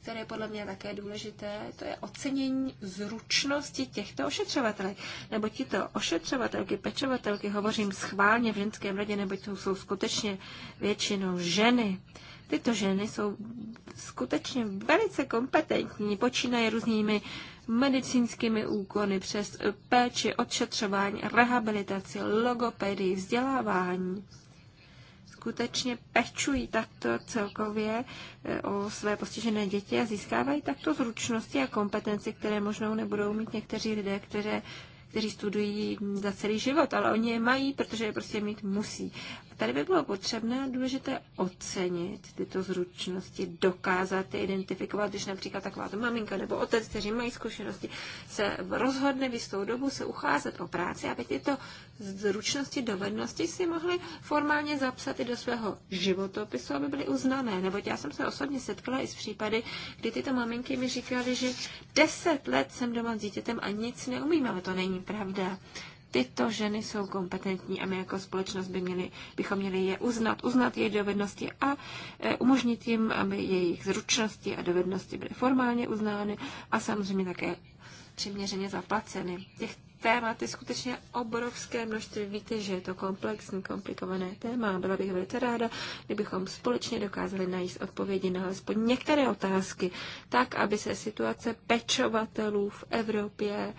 které je podle mě také důležité, to je ocenění zručnosti těchto ošetřovatelek. Nebo tito ošetřovatelky, pečovatelky, hovořím schválně v ženském radě, neboť to jsou skutečně většinou ženy. Tyto ženy jsou skutečně velice kompetentní, počínají různými medicínskými úkony přes péči, odšetřování, rehabilitaci, logopedii, vzdělávání skutečně pečují takto celkově eh, o své postižené děti a získávají takto zručnosti a kompetenci, které možná nebudou mít někteří lidé, které kteří studují za celý život, ale oni je mají, protože je prostě mít musí. Tady by bylo potřebné a důležité ocenit tyto zručnosti, dokázat je identifikovat, když například taková to maminka nebo otec, kteří mají zkušenosti, se rozhodne v jistou dobu se ucházet o práci, aby tyto zručnosti, dovednosti si mohli formálně zapsat i do svého životopisu, aby byly uznané. Nebo já jsem se osobně setkala i s případy, kdy tyto maminky mi říkaly, že deset let jsem doma s dítětem a nic neumím, ale to není pravda tyto ženy jsou kompetentní a my jako společnost by měli, bychom měli je uznat, uznat jejich dovednosti a e, umožnit jim, aby jejich zručnosti a dovednosti byly formálně uznány a samozřejmě také přiměřeně zaplaceny. Těch témat je skutečně obrovské množství. Víte, že je to komplexní, komplikované téma. Byla bych velice ráda, kdybychom společně dokázali najít odpovědi na alespoň některé otázky, tak, aby se situace pečovatelů v Evropě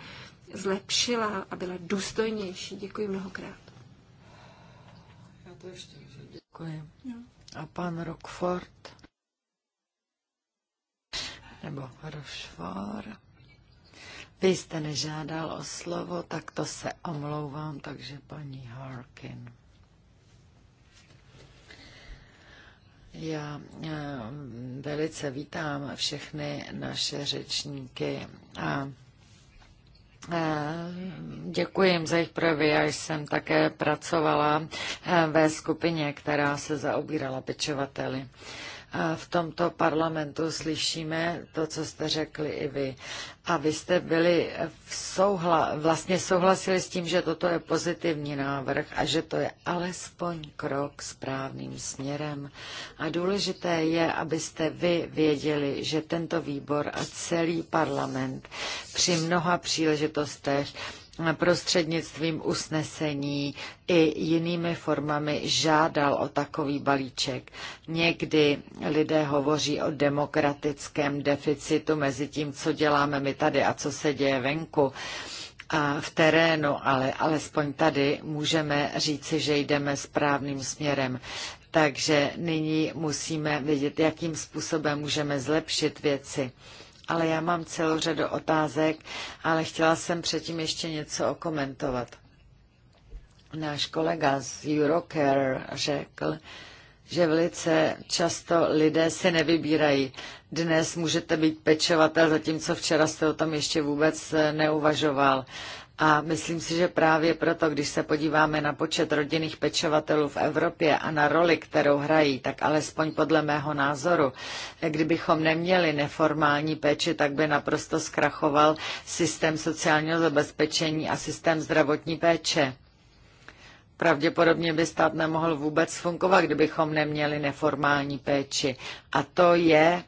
zlepšila a byla důstojnější. Děkuji mnohokrát. Já to ještě děkuji. No. A pan Rockford? Nebo Rochefort? Vy jste nežádal o slovo, tak to se omlouvám, takže paní Harkin. Já eh, velice vítám všechny naše řečníky a Eh, děkuji jim za jejich projevy. Já jsem také pracovala eh, ve skupině, která se zaobírala pečovateli v tomto parlamentu slyšíme to, co jste řekli i vy. A vy jste byli v souhla, vlastně souhlasili s tím, že toto je pozitivní návrh a že to je alespoň krok správným směrem. A důležité je, abyste vy věděli, že tento výbor a celý parlament při mnoha příležitostech prostřednictvím usnesení i jinými formami žádal o takový balíček. Někdy lidé hovoří o demokratickém deficitu mezi tím, co děláme my tady a co se děje venku. A v terénu, ale alespoň tady můžeme říci, že jdeme správným směrem. Takže nyní musíme vidět, jakým způsobem můžeme zlepšit věci ale já mám celou řadu otázek, ale chtěla jsem předtím ještě něco okomentovat. Náš kolega z Eurocare řekl, že velice často lidé si nevybírají. Dnes můžete být pečovatel, zatímco včera jste o tom ještě vůbec neuvažoval. A myslím si, že právě proto, když se podíváme na počet rodinných pečovatelů v Evropě a na roli, kterou hrají, tak alespoň podle mého názoru, kdybychom neměli neformální péči, tak by naprosto zkrachoval systém sociálního zabezpečení a systém zdravotní péče. Pravděpodobně by stát nemohl vůbec fungovat, kdybychom neměli neformální péči. A to je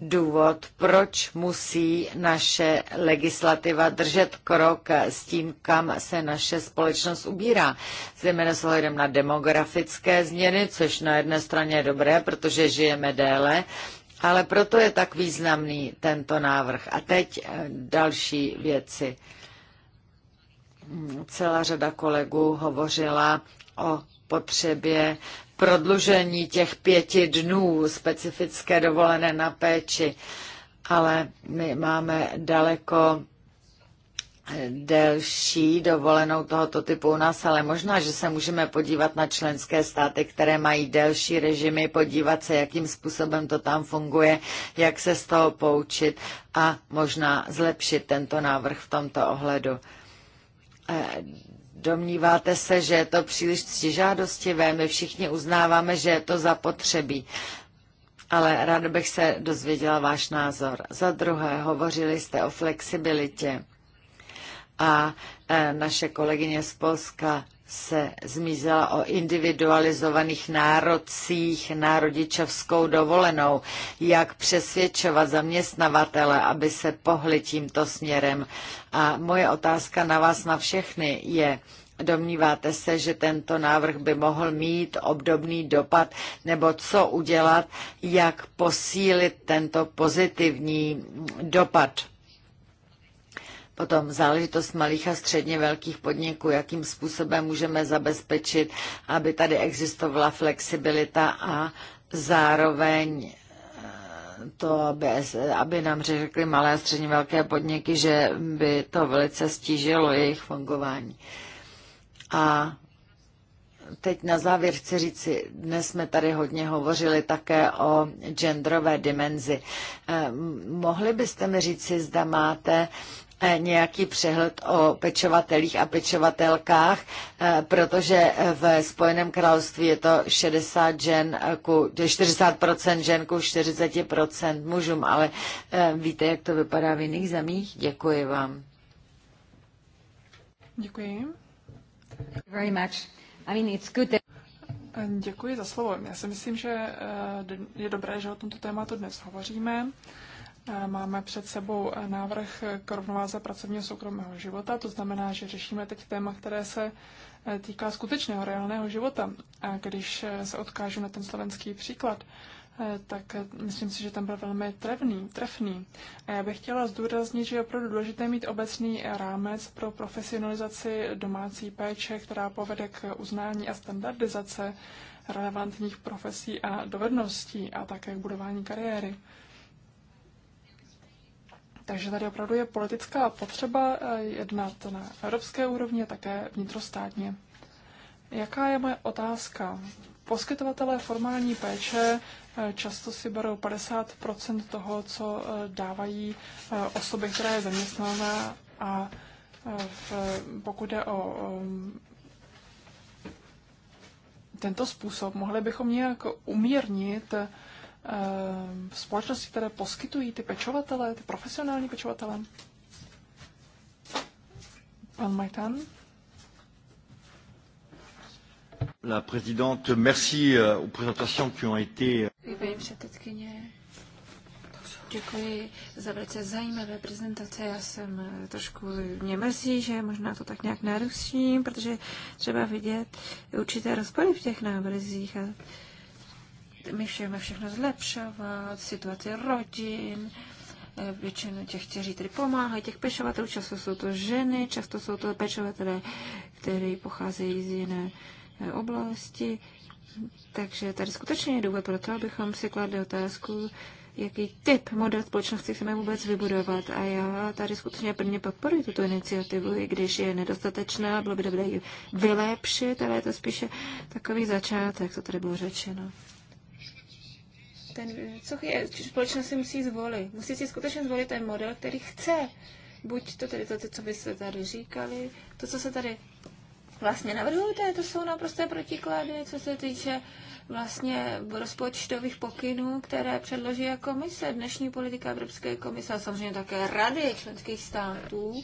důvod, proč musí naše legislativa držet krok s tím, kam se naše společnost ubírá. Zejména s ohledem na demografické změny, což na jedné straně je dobré, protože žijeme déle, ale proto je tak významný tento návrh. A teď eh, další věci. Celá řada kolegů hovořila o potřebě prodlužení těch pěti dnů specifické dovolené na péči, ale my máme daleko eh, delší dovolenou tohoto typu u nás, ale možná, že se můžeme podívat na členské státy, které mají delší režimy, podívat se, jakým způsobem to tam funguje, jak se z toho poučit a možná zlepšit tento návrh v tomto ohledu. Eh, Domníváte se, že je to příliš ctižádostivé? My všichni uznáváme, že je to zapotřebí. Ale ráda bych se dozvěděla váš názor. Za druhé, hovořili jste o flexibilitě. A eh, naše kolegyně z Polska se zmizela o individualizovaných nárocích na rodičovskou dovolenou, jak přesvědčovat zaměstnavatele, aby se pohli tímto směrem. A moje otázka na vás na všechny je, Domníváte se, že tento návrh by mohl mít obdobný dopad, nebo co udělat, jak posílit tento pozitivní dopad? Potom záležitost malých a středně velkých podniků, jakým způsobem můžeme zabezpečit, aby tady existovala flexibilita a zároveň eh, to, aby, aby nám řekly malé a středně velké podniky, že by to velice stížilo jejich fungování. A teď na závěr chci říci, dnes jsme tady hodně hovořili také o genderové dimenzi. Eh, mohli byste mi říci, zda máte Eh, nějaký přehled o pečovatelích a pečovatelkách, eh, protože v Spojeném království je to 60 žen ku, 40% eh, žen ku 40% mužům, ale víte, jak to vypadá v jiných zemích? Děkuji vám. Děkuji. Very much. I mean, it's good that... Děkuji za slovo. Já si myslím, že je dobré, že o tomto tématu dnes hovoříme. E, máme před sebou e, návrh k rovnováze pracovního soukromého života, to znamená, že řešíme teď téma, které se e, týká skutečného reálného života. A když se odkážu na ten slovenský příklad, tak myslím si, že tam byl velmi trevný, trefný. A já bych chtěla zdůraznit, že je opravdu důležité mít obecný rámec pro profesionalizaci domácí péče, která povede k uznání a standardizace relevantních profesí a dovedností a také k budování kariéry. Takže tady opravdu je politická potřeba eh, jednat na evropské úrovni a také vnitrostátně. Jaká je moje otázka? Poskytovatelé formální péče eh, často si berou 50 toho, co eh, dávají osoby, která je zaměstnané, a v, pokud jde o tento způsob, mohli bychom nějak umírnit Eh, společnosti, které poskytují ty pečovatele, ty profesionální pečovatele? Pan Majtan? La présidente, merci eh, aux présentations qui ont été... Paní eh, předsedkyně, děkuji za velice zajímavé prezentace. Já jsem trošku mě mrzí, že možná to tak nějak naruším, protože třeba vidět určité rozpory v těch návrzích. A my všechno, všechno zlepšovat, situaci rodin, eh, většinu těch, kteří tedy pomáhají, těch pečovatelů, často jsou to ženy, často jsou to pečovatelé, kteří pocházejí z jiné eh, oblasti. Takže tady skutečně je důvod pro to, abychom si kladli otázku, jaký typ model společnosti chceme vůbec vybudovat. A já tady skutečně plně podporuji tuto iniciativu, i když je nedostatečná, bylo by dobré ji vylepšit, ale je to spíše takový začátek, co tady bylo řečeno ten, co je, společnost si musí zvolit. Musí si skutečně zvolit ten model, který chce. Buď to tedy to, co by se tady říkali, to, co se tady vlastně navrhujete, to jsou naprosté protiklady, co se týče vlastně rozpočtových pokynů, které předloží jako komise, dnešní politika Evropské komise a samozřejmě také rady členských států,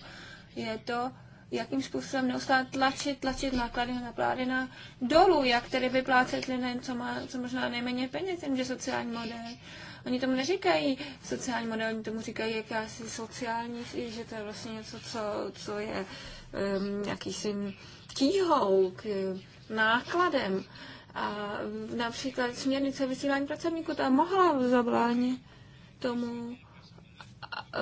je to, jakým způsobem neustále tlačit, tlačit náklady na plády na dolů, jak tedy vyplácet lidem, co má co možná nejméně peněz, jenže sociální model. Oni tomu neříkají sociální model, oni tomu říkají jakási sociální, že to je vlastně něco, co, co je um, jakýsi tíhou k eh, nákladem. A například směrnice vysílání pracovníků ta mohla zabránit tomu, a,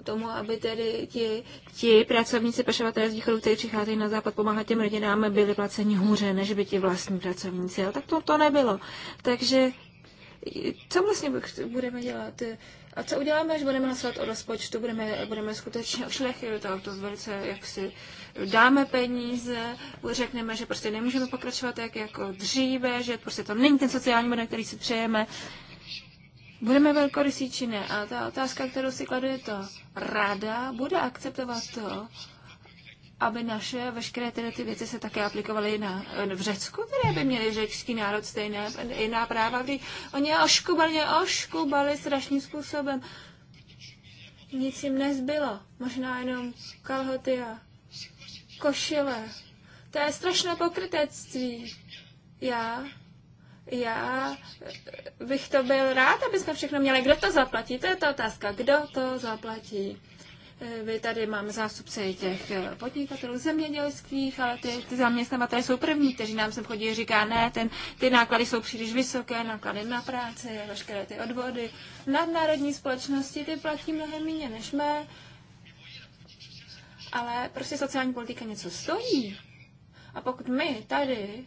tomu, aby tedy ti, ti pracovníci pešovatelé z východu, kteří přicházejí na západ pomáhat těm rodinám, byli placeni hůře, než by ti vlastní pracovníci. Ale tak to, to nebylo. Takže co vlastně budeme dělat? A co uděláme, až budeme hlasovat o rozpočtu? Budeme, budeme skutečně ošlechy, to, to velice, jak si dáme peníze, řekneme, že prostě nemůžeme pokračovat jak jako dříve, že prostě to není ten sociální model, který si přejeme. Budeme velkorysí či ne? A ta otázka, kterou si kladu, je to. Rada bude akceptovat to, aby naše veškeré tyhle ty věci se také aplikovaly na, eh, v Řecku, které by měli řecký národ stejné, jiná práva, kdy oni oškubali, mě oškubali strašným způsobem. Nic jim nezbylo, možná jenom kalhoty a košile. To je strašné pokrytectví. Já já bych to byl rád, aby jsme všechno měli. Kdo to zaplatí? To je ta otázka. Kdo to zaplatí? Eh, vy tady máme zástupce těch eh, podnikatelů zemědělských, ale ty, ty zaměstnavatelé jsou první, kteří nám sem chodí a říká, ne, ten, ty náklady jsou příliš vysoké, náklady na práci, veškeré ty odvody. Nadnárodní společnosti ty platí mnohem méně než my, ale prostě sociální politika něco stojí. A pokud my tady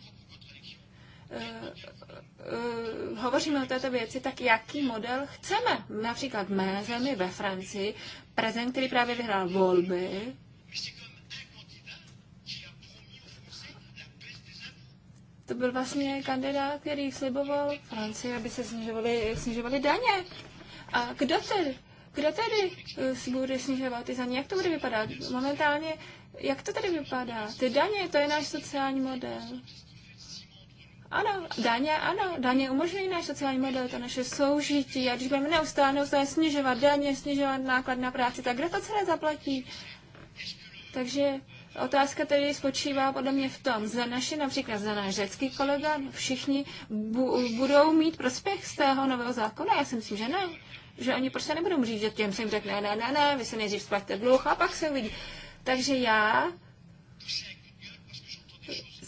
uh, hovoříme o této věci, tak jaký model chceme. Například v mé zemi ve Francii, prezident, který právě vyhrál volby, to byl vlastně kandidát, který sliboval Francii, aby se snižovaly, snižovaly daně. A kdo tedy, kdo tedy eh, bude snižovat ty daně? Jak to bude vypadat? Momentálně, jak to tady vypadá? Ty daně, to je náš sociální model. Ano, daně, ano, daně umožňují náš sociální model, to naše soužití. A když budeme neustále, neustále snižovat daně, snižovat náklad na práci, tak kdo to celé zaplatí? Takže Otázka tedy spočívá podle mě v tom, za naše, například za náš řecký kolega, všichni bu- budou mít prospěch z tého nového zákona? Já si myslím, že ne. Že oni prostě nebudou mít, že těm se jim řekne, ne, ne, ne, vy se nejdřív splaťte dluh a pak se uvidí. Takže já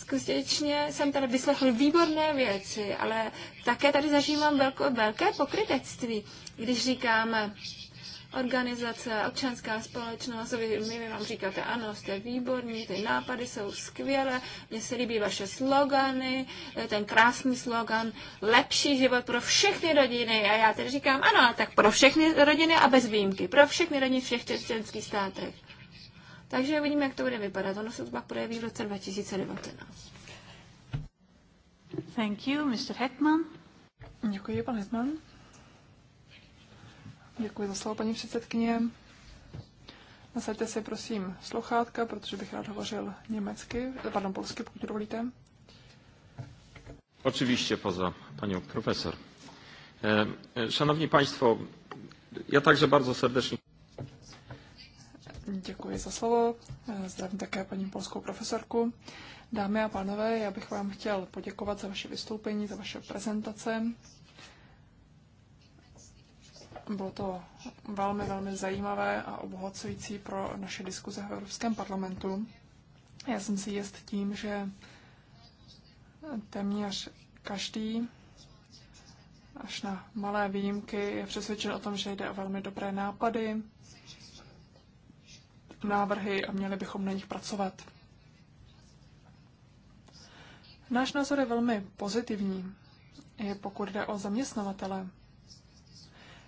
skutečně jsem tady vyslechl výborné věci, ale také tady zažívám velko, velké pokrytectví, když říkáme eh, organizace, občanská společnost, vy, my vám říkáte, ano, jste výborní, ty nápady jsou skvělé, mně se líbí vaše slogany, eh, ten krásný slogan, lepší život pro všechny rodiny. A já tedy říkám, ano, tak pro všechny rodiny a bez výjimky, pro všechny rodiny v všech českých státech. Takže uvidíme, jak to bude vypadat. Ono se to pak projeví v roce 2019. Thank you, Mr. Hetman. Děkuji, pan Hetman. Děkuji za slovo, paní předsedkyně. Nasaďte si prosím sluchátka, protože bych rád hovořil německy, pardon, polsky, pokud dovolíte. Oczywiście poza panią profesor. szanowni eh, eh, Państwo, ja także bardzo serdecznie... Děkuji za slovo. Zdravím také paní polskou profesorku. Dámy a pánové, já bych vám chtěl poděkovat za vaše vystoupení, za vaše prezentace. Bylo to velmi, velmi zajímavé a obohacující pro naše diskuze v Evropském parlamentu. Já jsem si jist tím, že téměř každý, až na malé výjimky, je přesvědčen o tom, že jde o velmi dobré nápady, návrhy a měli bychom na nich pracovat. Náš názor je velmi pozitivní, i pokud jde o zaměstnavatele.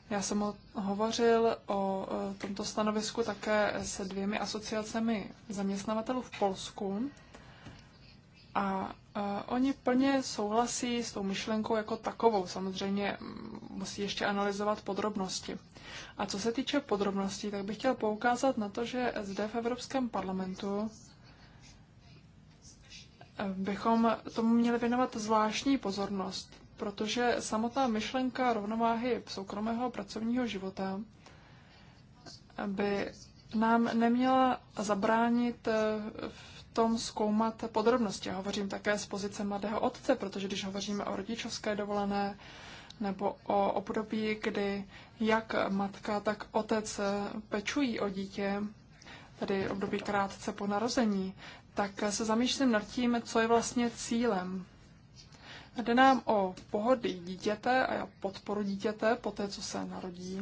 Já jsem hovořil o e, tomto stanovisku také se dvěmi asociacemi zaměstnavatelů v Polsku a e, oni plně souhlasí s tou myšlenkou jako takovou. Samozřejmě mm, musí ještě analyzovat podrobnosti. A co se týče podrobností, tak bych chtěl poukázat na to, že zde v Evropském parlamentu eh, bychom tomu měli věnovat zvláštní pozornost, protože samotná myšlenka rovnováhy soukromého a pracovního života by nám neměla zabránit eh, v tom zkoumat podrobnosti. Já hovořím také z pozice mladého otce, protože když hovoříme o rodičovské dovolené, nebo o období, kdy jak matka, tak otec pečují o dítě, tedy období krátce po narození, tak se zamýšlím nad tím, co je vlastně cílem. Jde nám o pohody dítěte a podporu dítěte po té, co se narodí.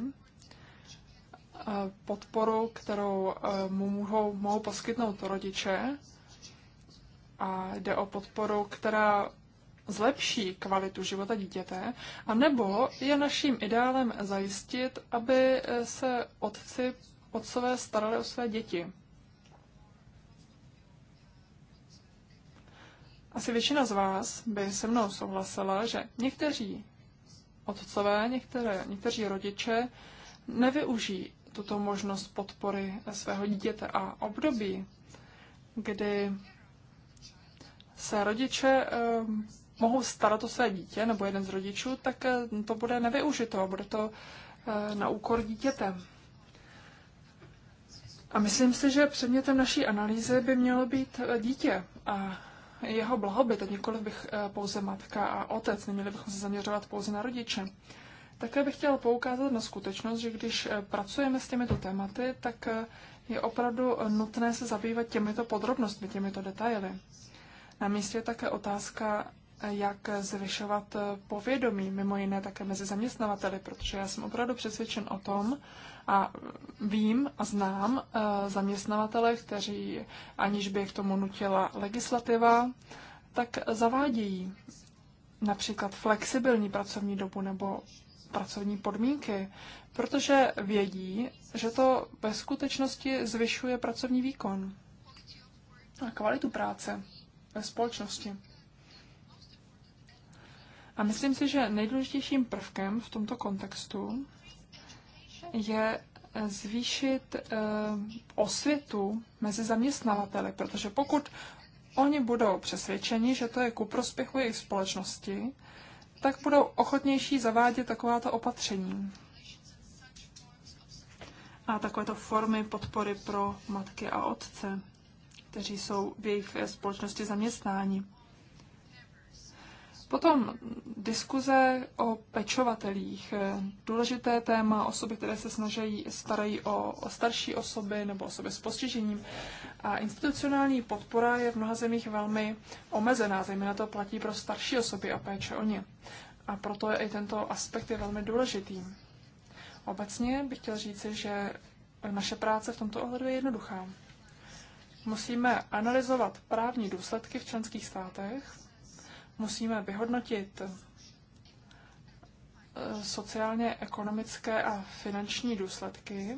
Podporu, kterou e, mu mohou, mohou poskytnout rodiče. A jde o podporu, která zlepší kvalitu života dítěte, anebo je naším ideálem zajistit, aby eh, se otci, otcové starali o své děti. Asi většina z vás by se mnou souhlasila, že někteří otcové, některé, někteří rodiče nevyužijí tuto možnost podpory svého dítěte a období, kdy se rodiče eh, mohou starat o své dítě nebo jeden z rodičů, tak eh, to bude nevyužito a bude to eh, na úkor dítěte. A myslím si, že předmětem naší analýzy by mělo být eh, dítě a jeho blahobyt, a nikoliv bych pouze matka a otec, neměli bychom se zaměřovat pouze na rodiče. Také bych chtěla poukázat na skutečnost, že když pracujeme s těmito tématy, tak je opravdu nutné se zabývat těmito podrobnostmi, těmito detaily. Na místě je také otázka jak zvyšovat povědomí, mimo jiné také mezi zaměstnavateli, protože já jsem opravdu přesvědčen o tom a vím a znám eh, zaměstnavatele, kteří aniž by k tomu nutila legislativa, tak zavádějí například flexibilní pracovní dobu nebo pracovní podmínky, protože vědí, že to ve skutečnosti zvyšuje pracovní výkon a kvalitu práce ve společnosti. A myslím si, že nejdůležitějším prvkem v tomto kontextu je eh, zvýšit eh, osvětu mezi zaměstnavateli, protože pokud oni budou přesvědčeni, že to je ku prospěchu jejich společnosti, tak budou ochotnější zavádět takováto opatření. A takovéto formy podpory pro matky a otce, kteří jsou v jejich společnosti zaměstnáni. Potom diskuze o pečovatelích. Důležité téma osoby, které se snaží, starají o, o starší osoby nebo osoby s postižením. A institucionální podpora je v mnoha zemích velmi omezená, zejména to platí pro starší osoby a péče o ně. A proto je i tento aspekt je velmi důležitý. Obecně bych chtěl říci, že naše práce v tomto ohledu je jednoduchá. Musíme analyzovat právní důsledky v členských státech, musíme vyhodnotit eh, sociálně ekonomické a finanční důsledky.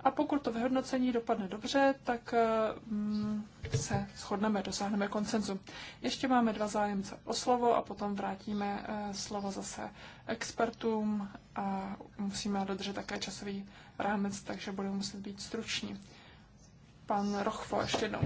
A pokud to vyhodnocení dopadne dobře, tak eh, mm, se shodneme, dosáhneme koncenzu. Ještě máme dva zájemce o slovo a potom vrátíme eh, slovo zase expertům a musíme dodržet také časový rámec, takže budeme muset být struční. Pan Rochvo ještě jednou.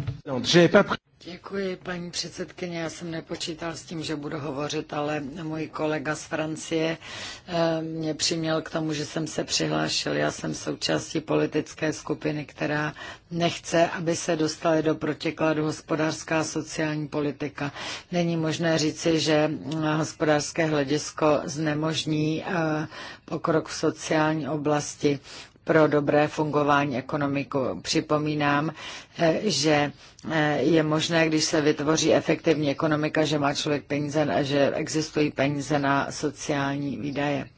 Děkuji, paní předsedkyně. Já jsem nepočítal s tím, že budu hovořit, ale můj kolega z Francie eh, mě přiměl k tomu, že jsem se přihlášel. Já jsem součástí politické skupiny, která nechce, aby se dostaly do protikladu hospodářská a sociální politika. Není možné říci, že hospodářské hledisko znemožní eh, pokrok v sociální oblasti pro dobré fungování ekonomiku. Připomínám, eh, že eh, je možné, když se vytvoří efektivní ekonomika, že má člověk peníze a že existují peníze na sociální výdaje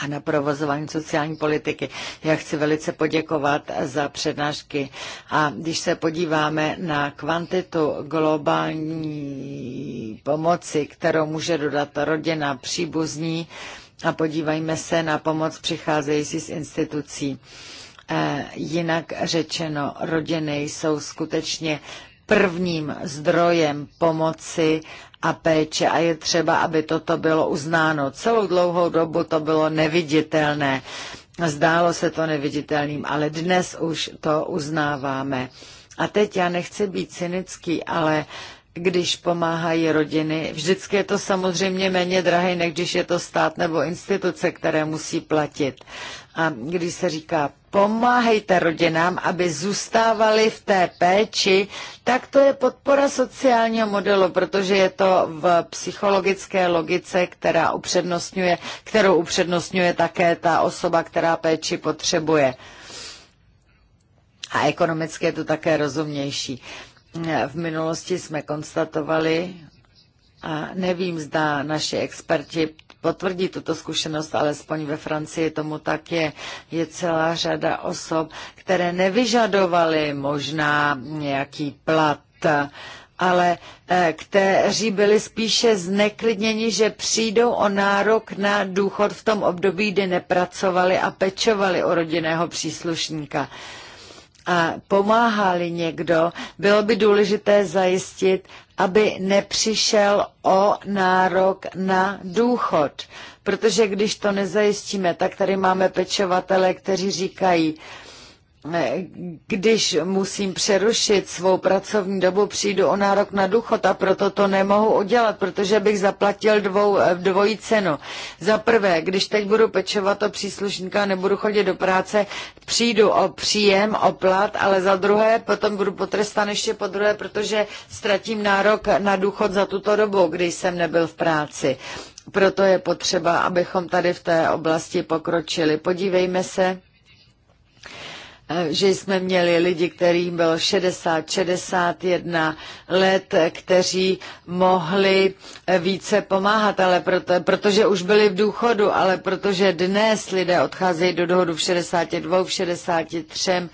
a na provozování sociální politiky. Já chci velice poděkovat za přednášky. A když se podíváme na kvantitu globální pomoci, kterou může dodat rodina, příbuzní, a podívejme se na pomoc přicházející z institucí. Eh, jinak řečeno, rodiny jsou skutečně prvním zdrojem pomoci a péče a je třeba, aby toto bylo uznáno. Celou dlouhou dobu to bylo neviditelné. Zdálo se to neviditelným, ale dnes už to uznáváme. A teď já nechci být cynický, ale když pomáhají rodiny. Vždycky je to samozřejmě méně drahé, než když je to stát nebo instituce, které musí platit. A když se říká, pomáhejte rodinám, aby zůstávali v té péči, tak to je podpora sociálního modelu, protože je to v psychologické logice, která upřednostňuje, kterou upřednostňuje také ta osoba, která péči potřebuje. A ekonomicky je to také rozumnější v minulosti jsme konstatovali, a nevím, zda naši experti potvrdí tuto zkušenost, alespoň ve Francii tomu tak je. Je celá řada osob, které nevyžadovaly možná nějaký plat, ale eh, kteří byli spíše zneklidněni, že přijdou o nárok na důchod v tom období, kdy nepracovali a pečovali o rodinného příslušníka pomáhá-li někdo, bylo by důležité zajistit, aby nepřišel o nárok na důchod. Protože když to nezajistíme, tak tady máme pečovatele, kteří říkají, Eh, když musím přerušit svou pracovní dobu, přijdu o nárok na důchod a proto to nemohu udělat, protože bych zaplatil dvou, eh, dvojí cenu. Za prvé, když teď budu pečovat o příslušníka, nebudu chodit do práce, přijdu o příjem, o plat, ale za druhé potom budu potrestán ještě po druhé, protože ztratím nárok na důchod za tuto dobu, když jsem nebyl v práci. Proto je potřeba, abychom tady v té oblasti pokročili. Podívejme se Eh, že jsme měli lidi, kterým bylo 60, 61 let, kteří mohli eh, více pomáhat, ale proto, protože už byli v důchodu, ale protože dnes lidé odcházejí do dohodu v 62, v 63, eh,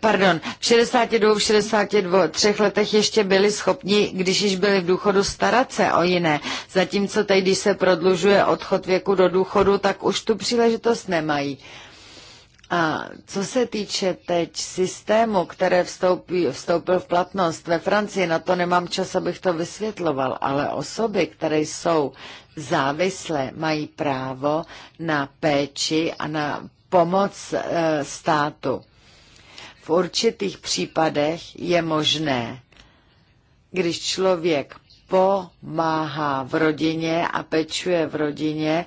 pardon, v 62, v 62 třech letech ještě byli schopni, když již byli v důchodu, starat se o jiné. Zatímco teď, když se prodlužuje odchod věku do důchodu, tak už tu příležitost nemají. A co se týče teď systému, které vstoupí, vstoupil v platnost ve Francii, na to nemám čas, abych to vysvětloval, ale osoby, které jsou závislé, mají právo na péči a na pomoc e, státu. V určitých případech je možné, když člověk pomáhá v rodině a pečuje v rodině,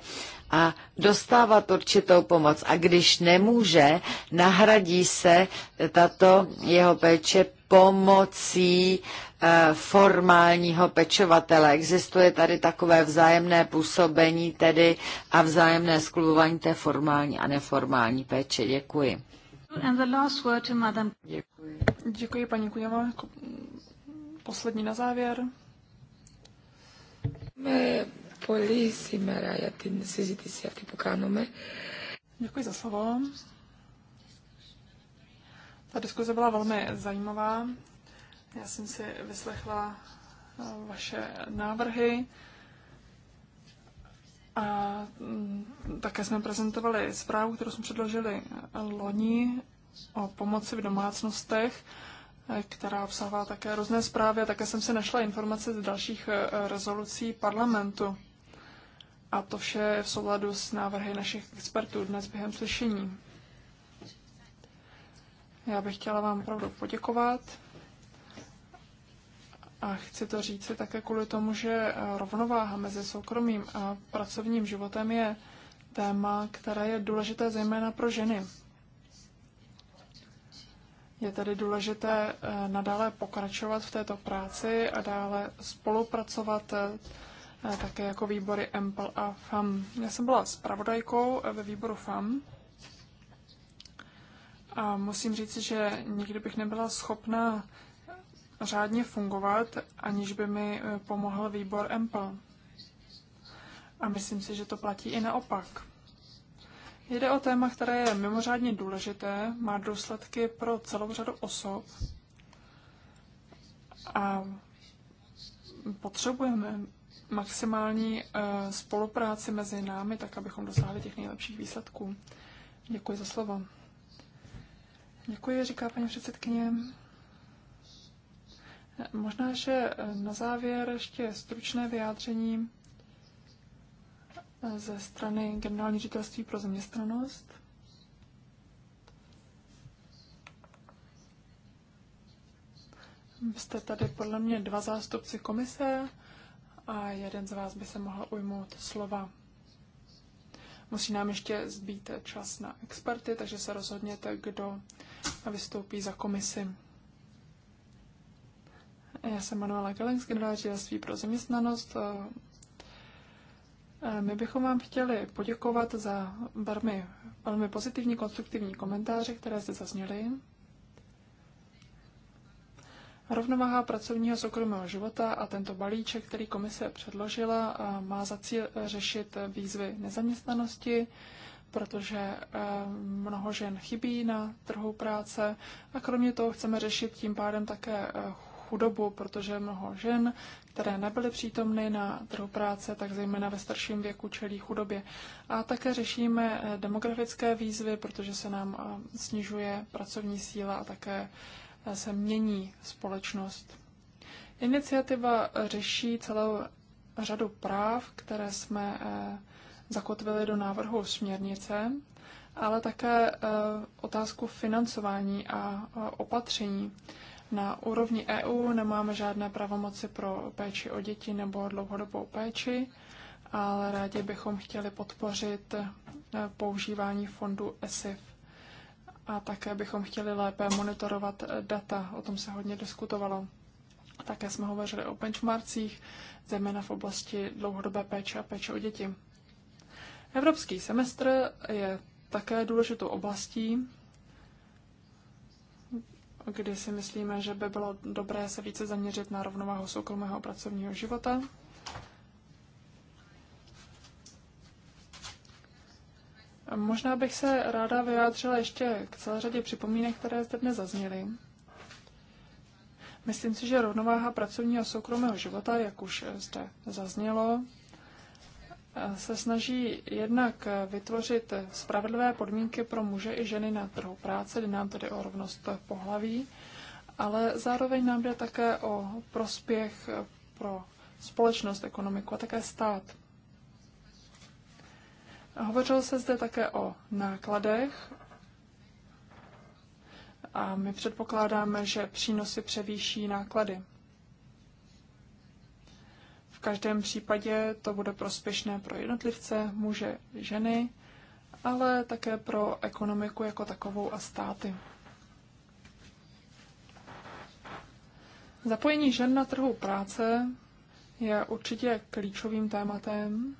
a dostávat určitou pomoc. A když nemůže, nahradí se tato jeho péče pomocí eh, formálního pečovatele. Existuje tady takové vzájemné působení tedy a vzájemné skluvování té formální a neformální péče. Děkuji. And the last word to Madam. Děkuji. Děkuji, paní Kujová. Poslední na závěr. My eh, πολύ σήμερα για την συζήτηση αυτή που κάνουμε. Děkuji za slovo. Ta diskuze byla velmi zajímavá. Já jsem si vyslechla eh, vaše návrhy. A mm, také jsme prezentovali zprávu, kterou jsme předložili loni o pomoci v domácnostech, eh, která obsahovala také různé zprávy a také jsem si našla informace z dalších eh, rezolucí parlamentu. A to vše je v souladu s návrhy našich expertů dnes během slyšení. Já bych chtěla vám opravdu poděkovat. A chci to říct si také kvůli tomu, že rovnováha mezi soukromým a pracovním životem je téma, které je důležité zejména pro ženy. Je tedy důležité eh, nadále pokračovat v této práci a dále spolupracovat eh, také jako výbory EMPL a FAM. Já jsem byla zpravodajkou ve výboru FAM a musím říct, že nikdy bych nebyla schopná řádně fungovat, aniž by mi eh, pomohl výbor EMPL. A myslím si, že to platí i naopak. Jde o téma, které je mimořádně důležité, má důsledky pro celou řadu osob a potřebujeme maximální eh, spolupráci mezi námi, tak abychom dosáhli těch nejlepších výsledků. Děkuji za slovo. Děkuji, říká paní předsedkyně. Možná, že eh, na závěr ještě stručné vyjádření eh, ze strany Generální ředitelství pro zaměstnanost. Vy jste tady podle mě dva zástupci komise a jeden z vás by se mohl ujmout slova. Musí nám ještě zbýt čas na experty, takže se rozhodněte, kdo vystoupí za komisi. Já jsem Manuela Kelling z Generálního pro zaměstnanost. My bychom vám chtěli poděkovat za velmi, velmi pozitivní, konstruktivní komentáře, které zde zazněly. Rovnováha pracovního soukromého života a tento balíček, který komise předložila, má za cíl e, řešit e, výzvy nezaměstnanosti, protože e, mnoho žen chybí na trhu práce a kromě toho chceme řešit tím pádem také chudobu, protože mnoho žen, které nebyly přítomny na trhu práce, tak zejména ve starším věku čelí chudobě. A také řešíme demografické výzvy, protože se nám snižuje pracovní síla a také se mění společnost. Iniciativa řeší celou řadu práv, které jsme eh, zakotvili do návrhu směrnice, ale také eh, otázku financování a opatření. Na úrovni EU nemáme žádné pravomoci pro péči o děti nebo dlouhodobou péči, ale rádi bychom chtěli podpořit eh, používání fondu ESIF a také bychom chtěli lépe monitorovat data, o tom se hodně diskutovalo. Také jsme hovořili o benchmarkcích, zejména v oblasti dlouhodobé péče a péče o děti. Evropský semestr je také důležitou oblastí, kdy si myslíme, že by bylo dobré se více zaměřit na rovnováhu soukromého a pracovního života. Možná bych se ráda vyjádřila ještě k celé řadě připomínek, které zde dnes zazněly. Myslím si, že rovnováha pracovního a soukromého života, jak už zde zaznělo, se snaží jednak vytvořit spravedlivé podmínky pro muže i ženy na trhu práce, kdy nám tedy o rovnost pohlaví, ale zároveň nám jde také o prospěch pro společnost, ekonomiku a také stát. Hovořilo se zde také o nákladech a my předpokládáme, že přínosy převýší náklady. V každém případě to bude prospěšné pro jednotlivce, muže, ženy, ale také pro ekonomiku jako takovou a státy. Zapojení žen na trhu práce je určitě klíčovým tématem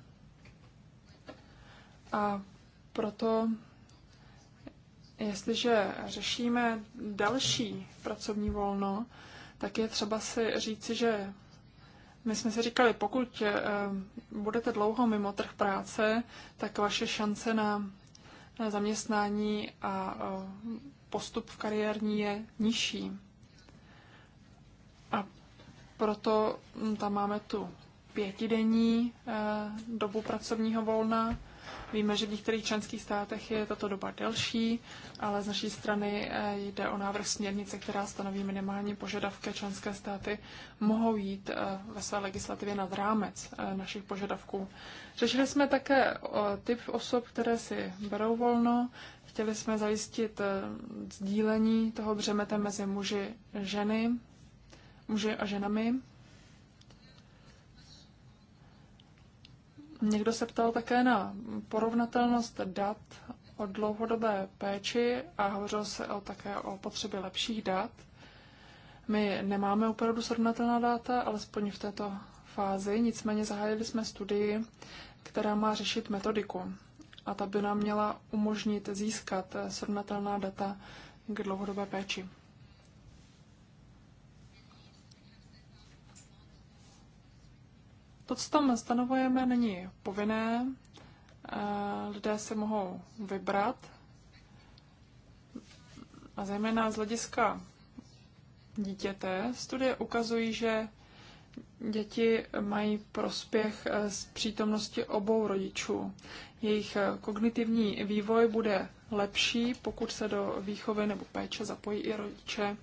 a proto, jestliže řešíme další pracovní volno, tak je třeba si říci, že my jsme si říkali, pokud eh, budete dlouho mimo trh práce, tak vaše šance na zaměstnání a eh, postup v kariérní je nižší. A proto hm, tam máme tu pětidenní eh, dobu pracovního volna Víme, že v některých členských státech je tato doba delší, ale z naší strany eh, jde o návrh směrnice, která stanoví minimální požadavky. Členské státy mohou jít eh, ve své legislativě nad rámec eh, našich požadavků. Řešili jsme také typ osob, které si berou volno. Chtěli jsme zajistit sdílení toho břemete mezi muži, ženy, muži a ženami. Někdo se ptal také na porovnatelnost dat o dlouhodobé péči a hovořil se o, také o potřebě lepších dat. My nemáme opravdu srovnatelná data, alespoň v této fázi, nicméně zahájili jsme studii, která má řešit metodiku. A ta by nám měla umožnit získat srovnatelná data k dlouhodobé péči. To, co tam stanovujeme, není povinné. Eh, lidé se mohou vybrat. A zejména z hlediska dítěte, studie ukazují, že děti mají prospěch eh, z přítomnosti obou rodičů. Jejich eh, kognitivní vývoj bude lepší, pokud se do výchovy nebo péče zapojí i rodiče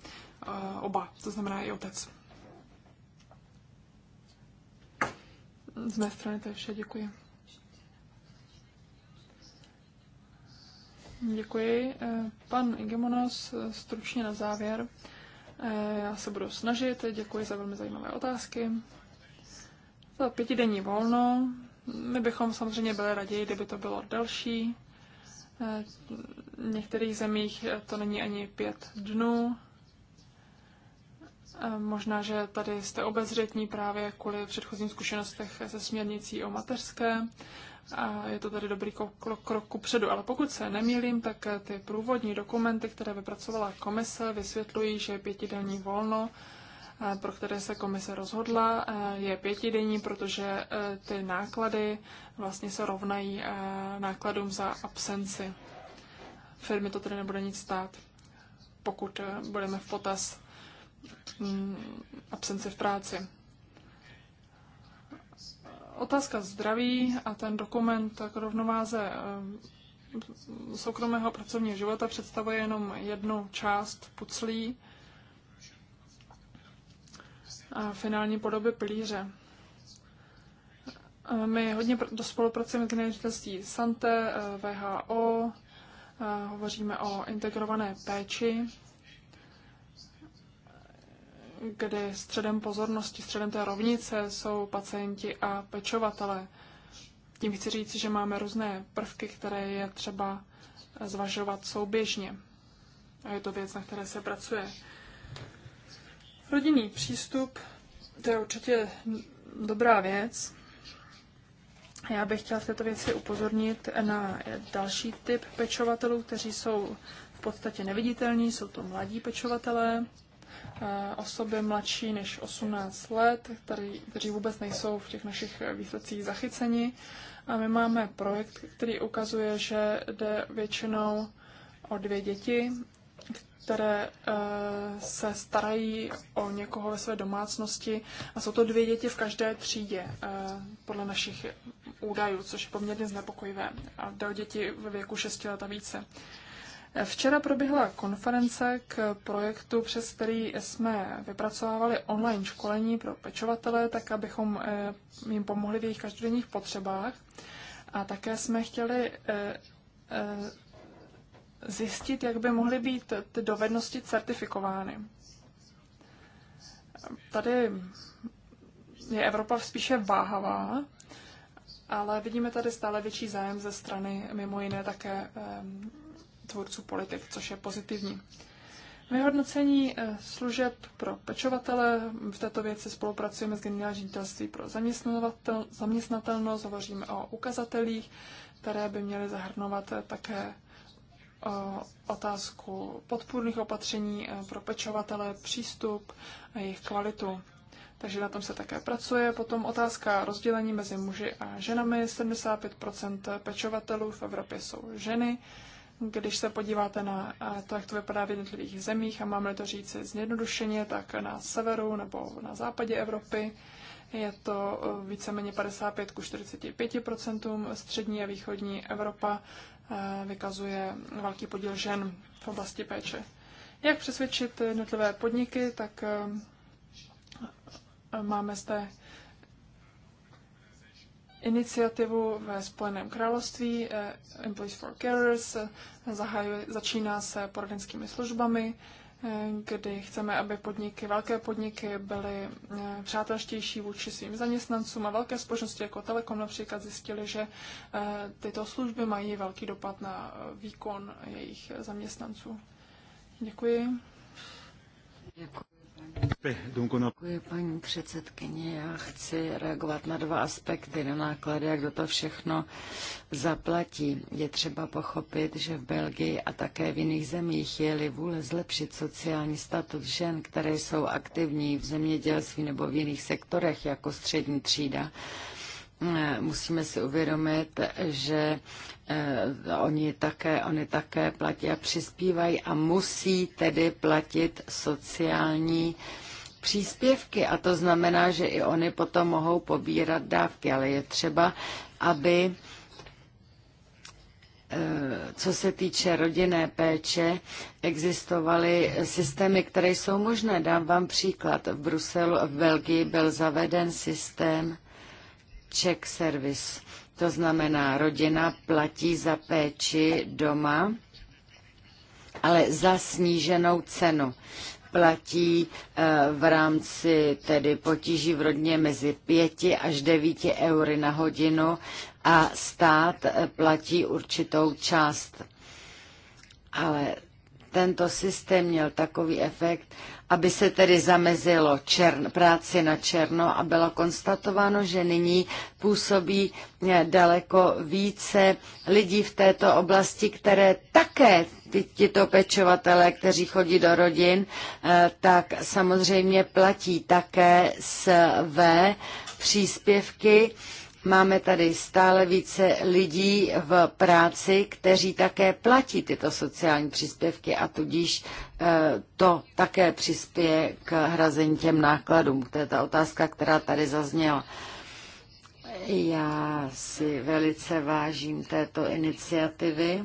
oba, to znamená i otec. Z mé strany to je vše, děkuji. Děkuji. Eh, pan Igemonos, eh, stručně na závěr. Eh, já se budu snažit, děkuji za velmi zajímavé otázky. Za pětidenní volno. My bychom samozřejmě byli raději, kdyby to bylo delší. V některých zemích to není ani pět dnů. Možná, že tady jste obezřetní právě kvůli předchozím zkušenostech se směrnicí o mateřské. A je to tady dobrý krok, krok ku předu. Ale pokud se nemýlím, tak ty průvodní dokumenty, které vypracovala komise, vysvětlují, že pětidenní volno, eh, pro které se komise rozhodla, eh, je pětidenní, protože eh, ty náklady vlastně se rovnají nákladům za absenci. Firmy to tedy nebude nic stát, pokud budeme v potaz Mm, absence v práci. Otázka zdraví a ten dokument k rovnováze eh, soukromého pracovního života představuje jenom jednu část puclí a finální podoby pilíře. Eh, my hodně do spolupracujeme s generitelství Sante, eh, VHO, hovoříme o integrované péči kdy středem pozornosti, středem té rovnice jsou pacienti a pečovatelé. Tím chci říct, že máme různé prvky, které je třeba zvažovat souběžně. A je to věc, na které se pracuje. Rodinný přístup, to je určitě dobrá věc. Já bych chtěla v této věci upozornit na další typ pečovatelů, kteří jsou v podstatě neviditelní, jsou to mladí pečovatelé, Eh, osoby mladší než 18 let, který, kteří vůbec nejsou v těch našich eh, výsledcích zachyceni. A my máme projekt, který ukazuje, že jde většinou o dvě děti, které eh, se starají o někoho ve své domácnosti a jsou to dvě děti v každé třídě podle našich údajů, což je poměrně znepokojivé. A jde o děti ve věku 6 let a více. Včera proběhla konference k projektu, přes který jsme vypracovávali online školení pro pečovatele, tak abychom eh, jim pomohli v jejich každodenních potřebách. A také jsme chtěli eh, eh, zjistit, jak by mohly být ty dovednosti certifikovány. Tady je Evropa spíše váhavá, ale vidíme tady stále větší zájem ze strany mimo jiné také tvůrců politik, což je pozitivní. Vyhodnocení eh, služeb pro pečovatele. V této věci spolupracujeme s Generální ředitelství pro zaměstnatelnost, hovoříme o ukazatelích, které by měly zahrnovat eh, také otázku podpůrných opatření eh, pro pečovatele, přístup a jejich kvalitu. Takže na tom se také pracuje. Potom otázka rozdělení mezi muži a ženami. 75 pečovatelů v Evropě jsou ženy. Když se podíváte na to, jak to vypadá v jednotlivých zemích, a máme to říct zjednodušeně, tak na severu nebo na západě Evropy je to víceméně 55 ku 45 Střední a východní Evropa vykazuje velký podíl žen v oblasti péče. Jak přesvědčit jednotlivé podniky, tak máme zde iniciativu ve Spojeném království eh, Employees for Carers. Eh, zahajuje, začíná se poradenskými službami, eh, kdy chceme, aby podniky, velké podniky byly přátelštější vůči svým zaměstnancům a velké společnosti jako Telekom například zjistili, že tyto služby mají velký dopad na výkon jejich zaměstnanců. Děkuji. Děkuji. Děkuji, paní předsedkyně. Já chci reagovat na dva aspekty, na náklady, jak do to všechno zaplatí. Je třeba pochopit, že v Belgii a také v jiných zemích je vůle zlepšit sociální status žen, které jsou aktivní v zemědělství nebo v jiných sektorech jako střední třída, Eh, musíme si uvědomit, že eh, oni také, oni také platí a přispívají a musí tedy platit sociální příspěvky a to znamená, že i oni potom mohou pobírat dávky, ale je třeba, aby eh, co se týče rodinné péče, existovaly systémy, které jsou možné. Dám vám příklad. V Bruselu, v Belgii byl zaveden systém check service. To znamená, rodina platí za péči doma, ale za sníženou cenu. Platí eh, v rámci tedy potíží v rodně mezi 5 až 9 eury na hodinu a stát eh, platí určitou část. Ale tento systém měl takový efekt, aby se tedy zamezilo čern, práci na černo a bylo konstatováno, že nyní působí eh, daleko více lidí v této oblasti, které také tyto pečovatelé, kteří chodí do rodin, eh, tak samozřejmě platí také své příspěvky Máme tady stále více lidí v práci, kteří také platí tyto sociální příspěvky a tudíž eh, to také přispěje k hrazení těm nákladům. To je ta otázka, která tady zazněla. Já si velice vážím této iniciativy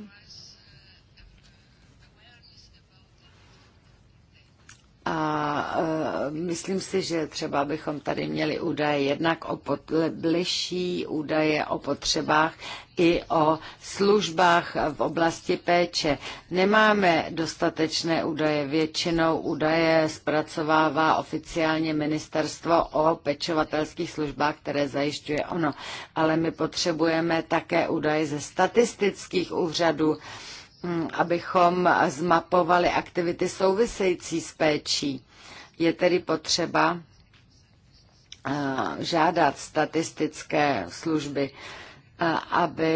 A e, myslím si, že třeba bychom tady měli údaje jednak o pot, bližší údaje o potřebách i o službách v oblasti péče. Nemáme dostatečné údaje. Většinou údaje zpracovává oficiálně ministerstvo o pečovatelských službách, které zajišťuje ono. Ale my potřebujeme také údaje ze statistických úřadů. E, Mm, abychom zmapovali aktivity související s péčí. Je tedy potřeba eh, žádat statistické služby, eh, aby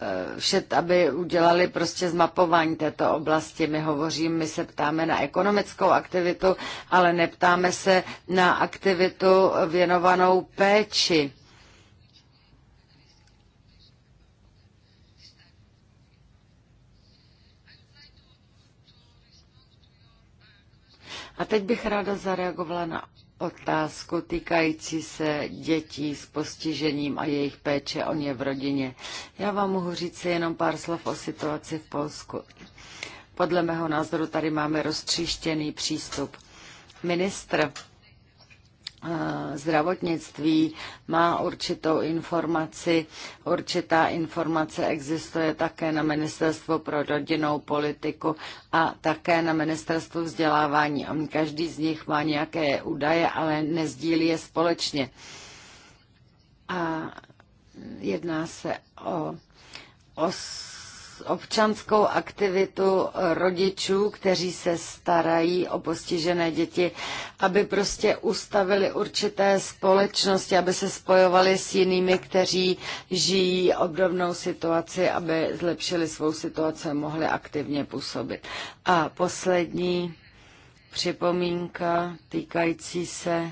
eh, všet, aby udělali prostě zmapování této oblasti. My hovořím my se ptáme na ekonomickou aktivitu, ale neptáme se na aktivitu věnovanou péči. A teď bych ráda zareagovala na otázku týkající se dětí s postižením a jejich péče o ně v rodině. Já vám mohu říct si jenom pár slov o situaci v Polsku. Podle mého názoru tady máme roztříštěný přístup. Ministr zdravotnictví má určitou informaci. Určitá informace existuje také na Ministerstvu pro rodinnou politiku a také na Ministerstvu vzdělávání. Každý z nich má nějaké údaje, ale nezdílí je společně. A jedná se o os občanskou aktivitu rodičů, kteří se starají o postižené děti, aby prostě ustavili určité společnosti, aby se spojovali s jinými, kteří žijí obdobnou situaci, aby zlepšili svou situaci a mohli aktivně působit. A poslední připomínka týkající se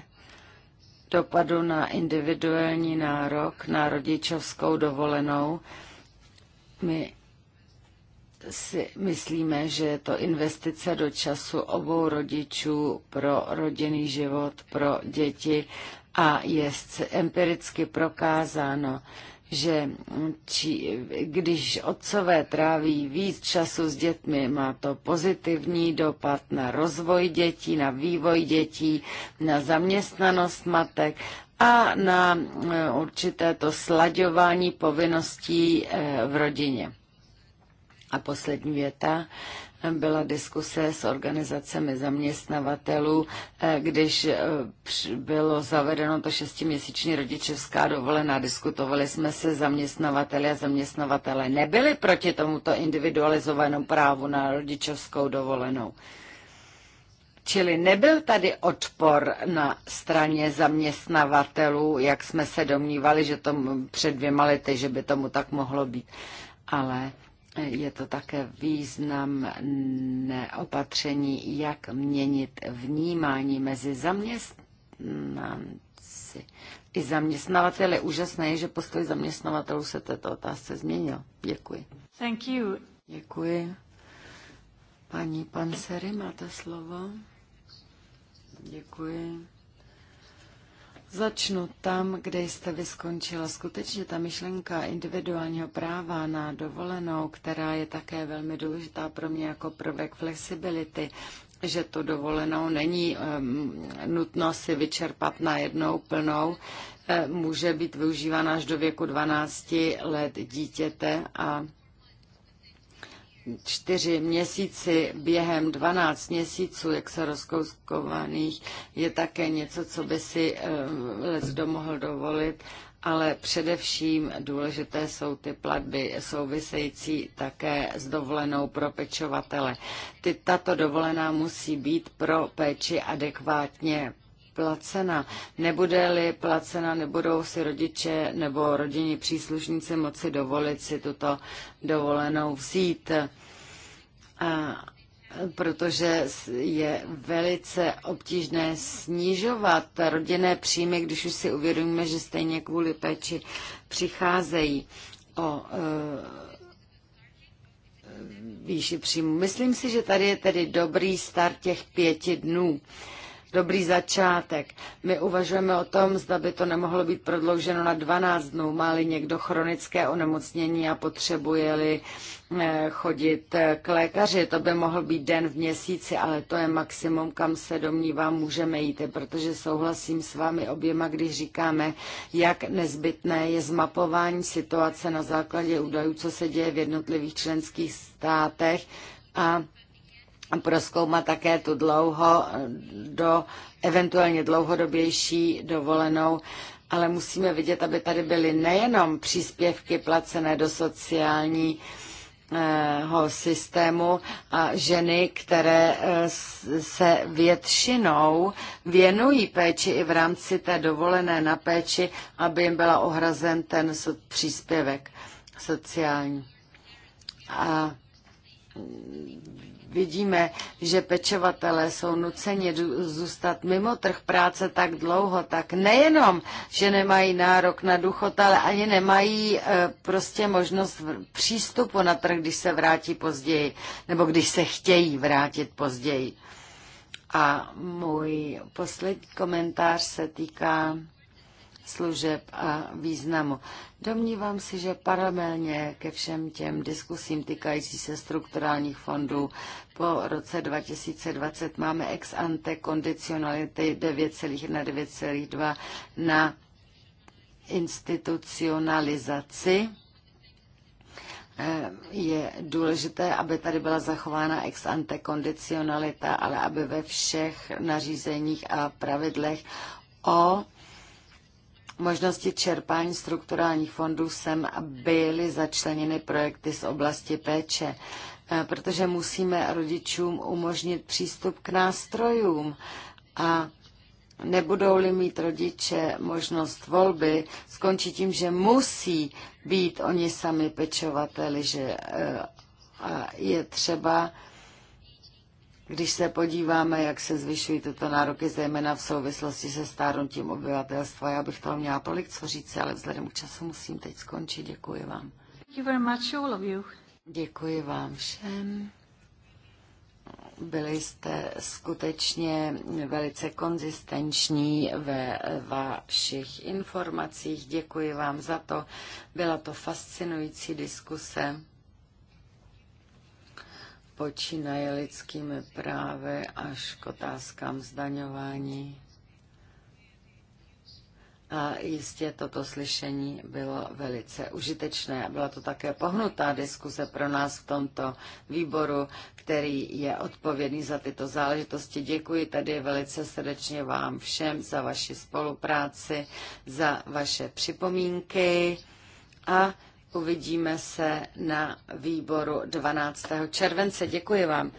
dopadu na individuální nárok na rodičovskou dovolenou. My si myslíme, že je to investice do času obou rodičů pro rodinný život, pro děti a je empiricky prokázáno, že či, když otcové tráví víc času s dětmi, má to pozitivní dopad na rozvoj dětí, na vývoj dětí, na zaměstnanost matek a na e, určité to slaďování povinností e, v rodině. A poslední věta byla diskuse s organizacemi zaměstnavatelů, eh, když eh, bylo zavedeno to šestiměsíční rodičovská dovolená. Diskutovali jsme se zaměstnavateli a zaměstnavatele nebyli proti tomuto individualizovanému právu na rodičovskou dovolenou. Čili nebyl tady odpor na straně zaměstnavatelů, jak jsme se domnívali, že tomu před dvěma lety, že by tomu tak mohlo být. Ale je to také významné opatření, jak měnit vnímání mezi zaměstnanci i zaměstnavateli. Úžasné je, že postoj zaměstnavatelů se této otázce změnil. Děkuji. Thank you. Děkuji. Paní Pansery, máte slovo. Děkuji. Začnu tam, kde jste vyskončila. Skutečně ta myšlenka individuálního práva na dovolenou, která je také velmi důležitá pro mě jako prvek flexibility, že to dovolenou není um, nutno si vyčerpat na jednou plnou, může být využívána až do věku 12 let dítěte a čtyři měsíci během 12 měsíců, jak se rozkouskovaných, je také něco, co by si eh, les kdo mohl dovolit, ale především důležité jsou ty platby související také s dovolenou pro pečovatele. Ty, tato dovolená musí být pro péči adekvátně placena. Nebude-li placena, nebudou si rodiče nebo rodinní příslušníci moci dovolit si tuto dovolenou vzít. A protože je velice obtížné snižovat rodinné příjmy, když už si uvědomíme, že stejně kvůli péči přicházejí o e, výši příjmu. Myslím si, že tady je tedy dobrý start těch pěti dnů. E, dobrý začátek. My uvažujeme o tom, zda by to nemohlo být prodlouženo na 12 dnů, má někdo chronické onemocnění a potřebuje-li eh, chodit eh, k lékaři. To by mohl být den v měsíci, ale to je maximum, kam se domnívám, můžeme jít, protože souhlasím s vámi oběma, když říkáme, jak nezbytné je zmapování situace na základě údajů, co se děje v jednotlivých členských státech a proskoumat také tu dlouho do eventuálně dlouhodobější dovolenou, ale musíme vidět, aby tady byly nejenom příspěvky placené do sociální systému a ženy, které eh, se většinou věnují péči i v rámci té dovolené na péči, aby jim byla ohrazen ten příspěvek sociální. A vidíme, že pečovatelé jsou nuceni zůstat mimo trh práce tak dlouho, tak nejenom, že nemají nárok na důchod, ale ani nemají e, prostě možnost přístupu na trh, když se vrátí později, nebo když se chtějí vrátit později. A můj poslední komentář se týká služeb a významu. Domnívám se, že paralelně ke všem těm diskusím týkající se strukturálních fondů po roce 2020 máme ex ante kondicionality 9,1 9,2 na institucionalizaci eh, je důležité, aby tady byla zachována ex ante kondicionalita, ale aby ve všech nařízeních a pravidlech o možnosti čerpání strukturálních fondů sem byly začleněny projekty z oblasti péče, eh, protože musíme rodičům umožnit přístup k nástrojům a nebudou-li mít rodiče možnost volby, skončí tím, že musí být oni sami pečovateli, že eh, je třeba když se podíváme, jak se zvyšují tyto nároky, zejména v souvislosti se stárnutím obyvatelstva, já bych toho měla tolik co říct, ale vzhledem k času musím teď skončit. Děkuji vám. Thank you you. very much, all of Děkuji vám všem. Byli jste skutečně velice konzistenční ve vašich informacích. Děkuji vám za to. Byla to fascinující diskuse počínaje lidskými právy až k otázkám zdaňování. A jistě toto slyšení bylo velice užitečné. Byla to také pohnutá diskuze pro nás v tomto výboru, který je odpovědný za tyto záležitosti. Děkuji tady velice srdečně vám všem za vaši spolupráci, za vaše připomínky a Uvidíme se na výboru 12. července. Děkuji vám.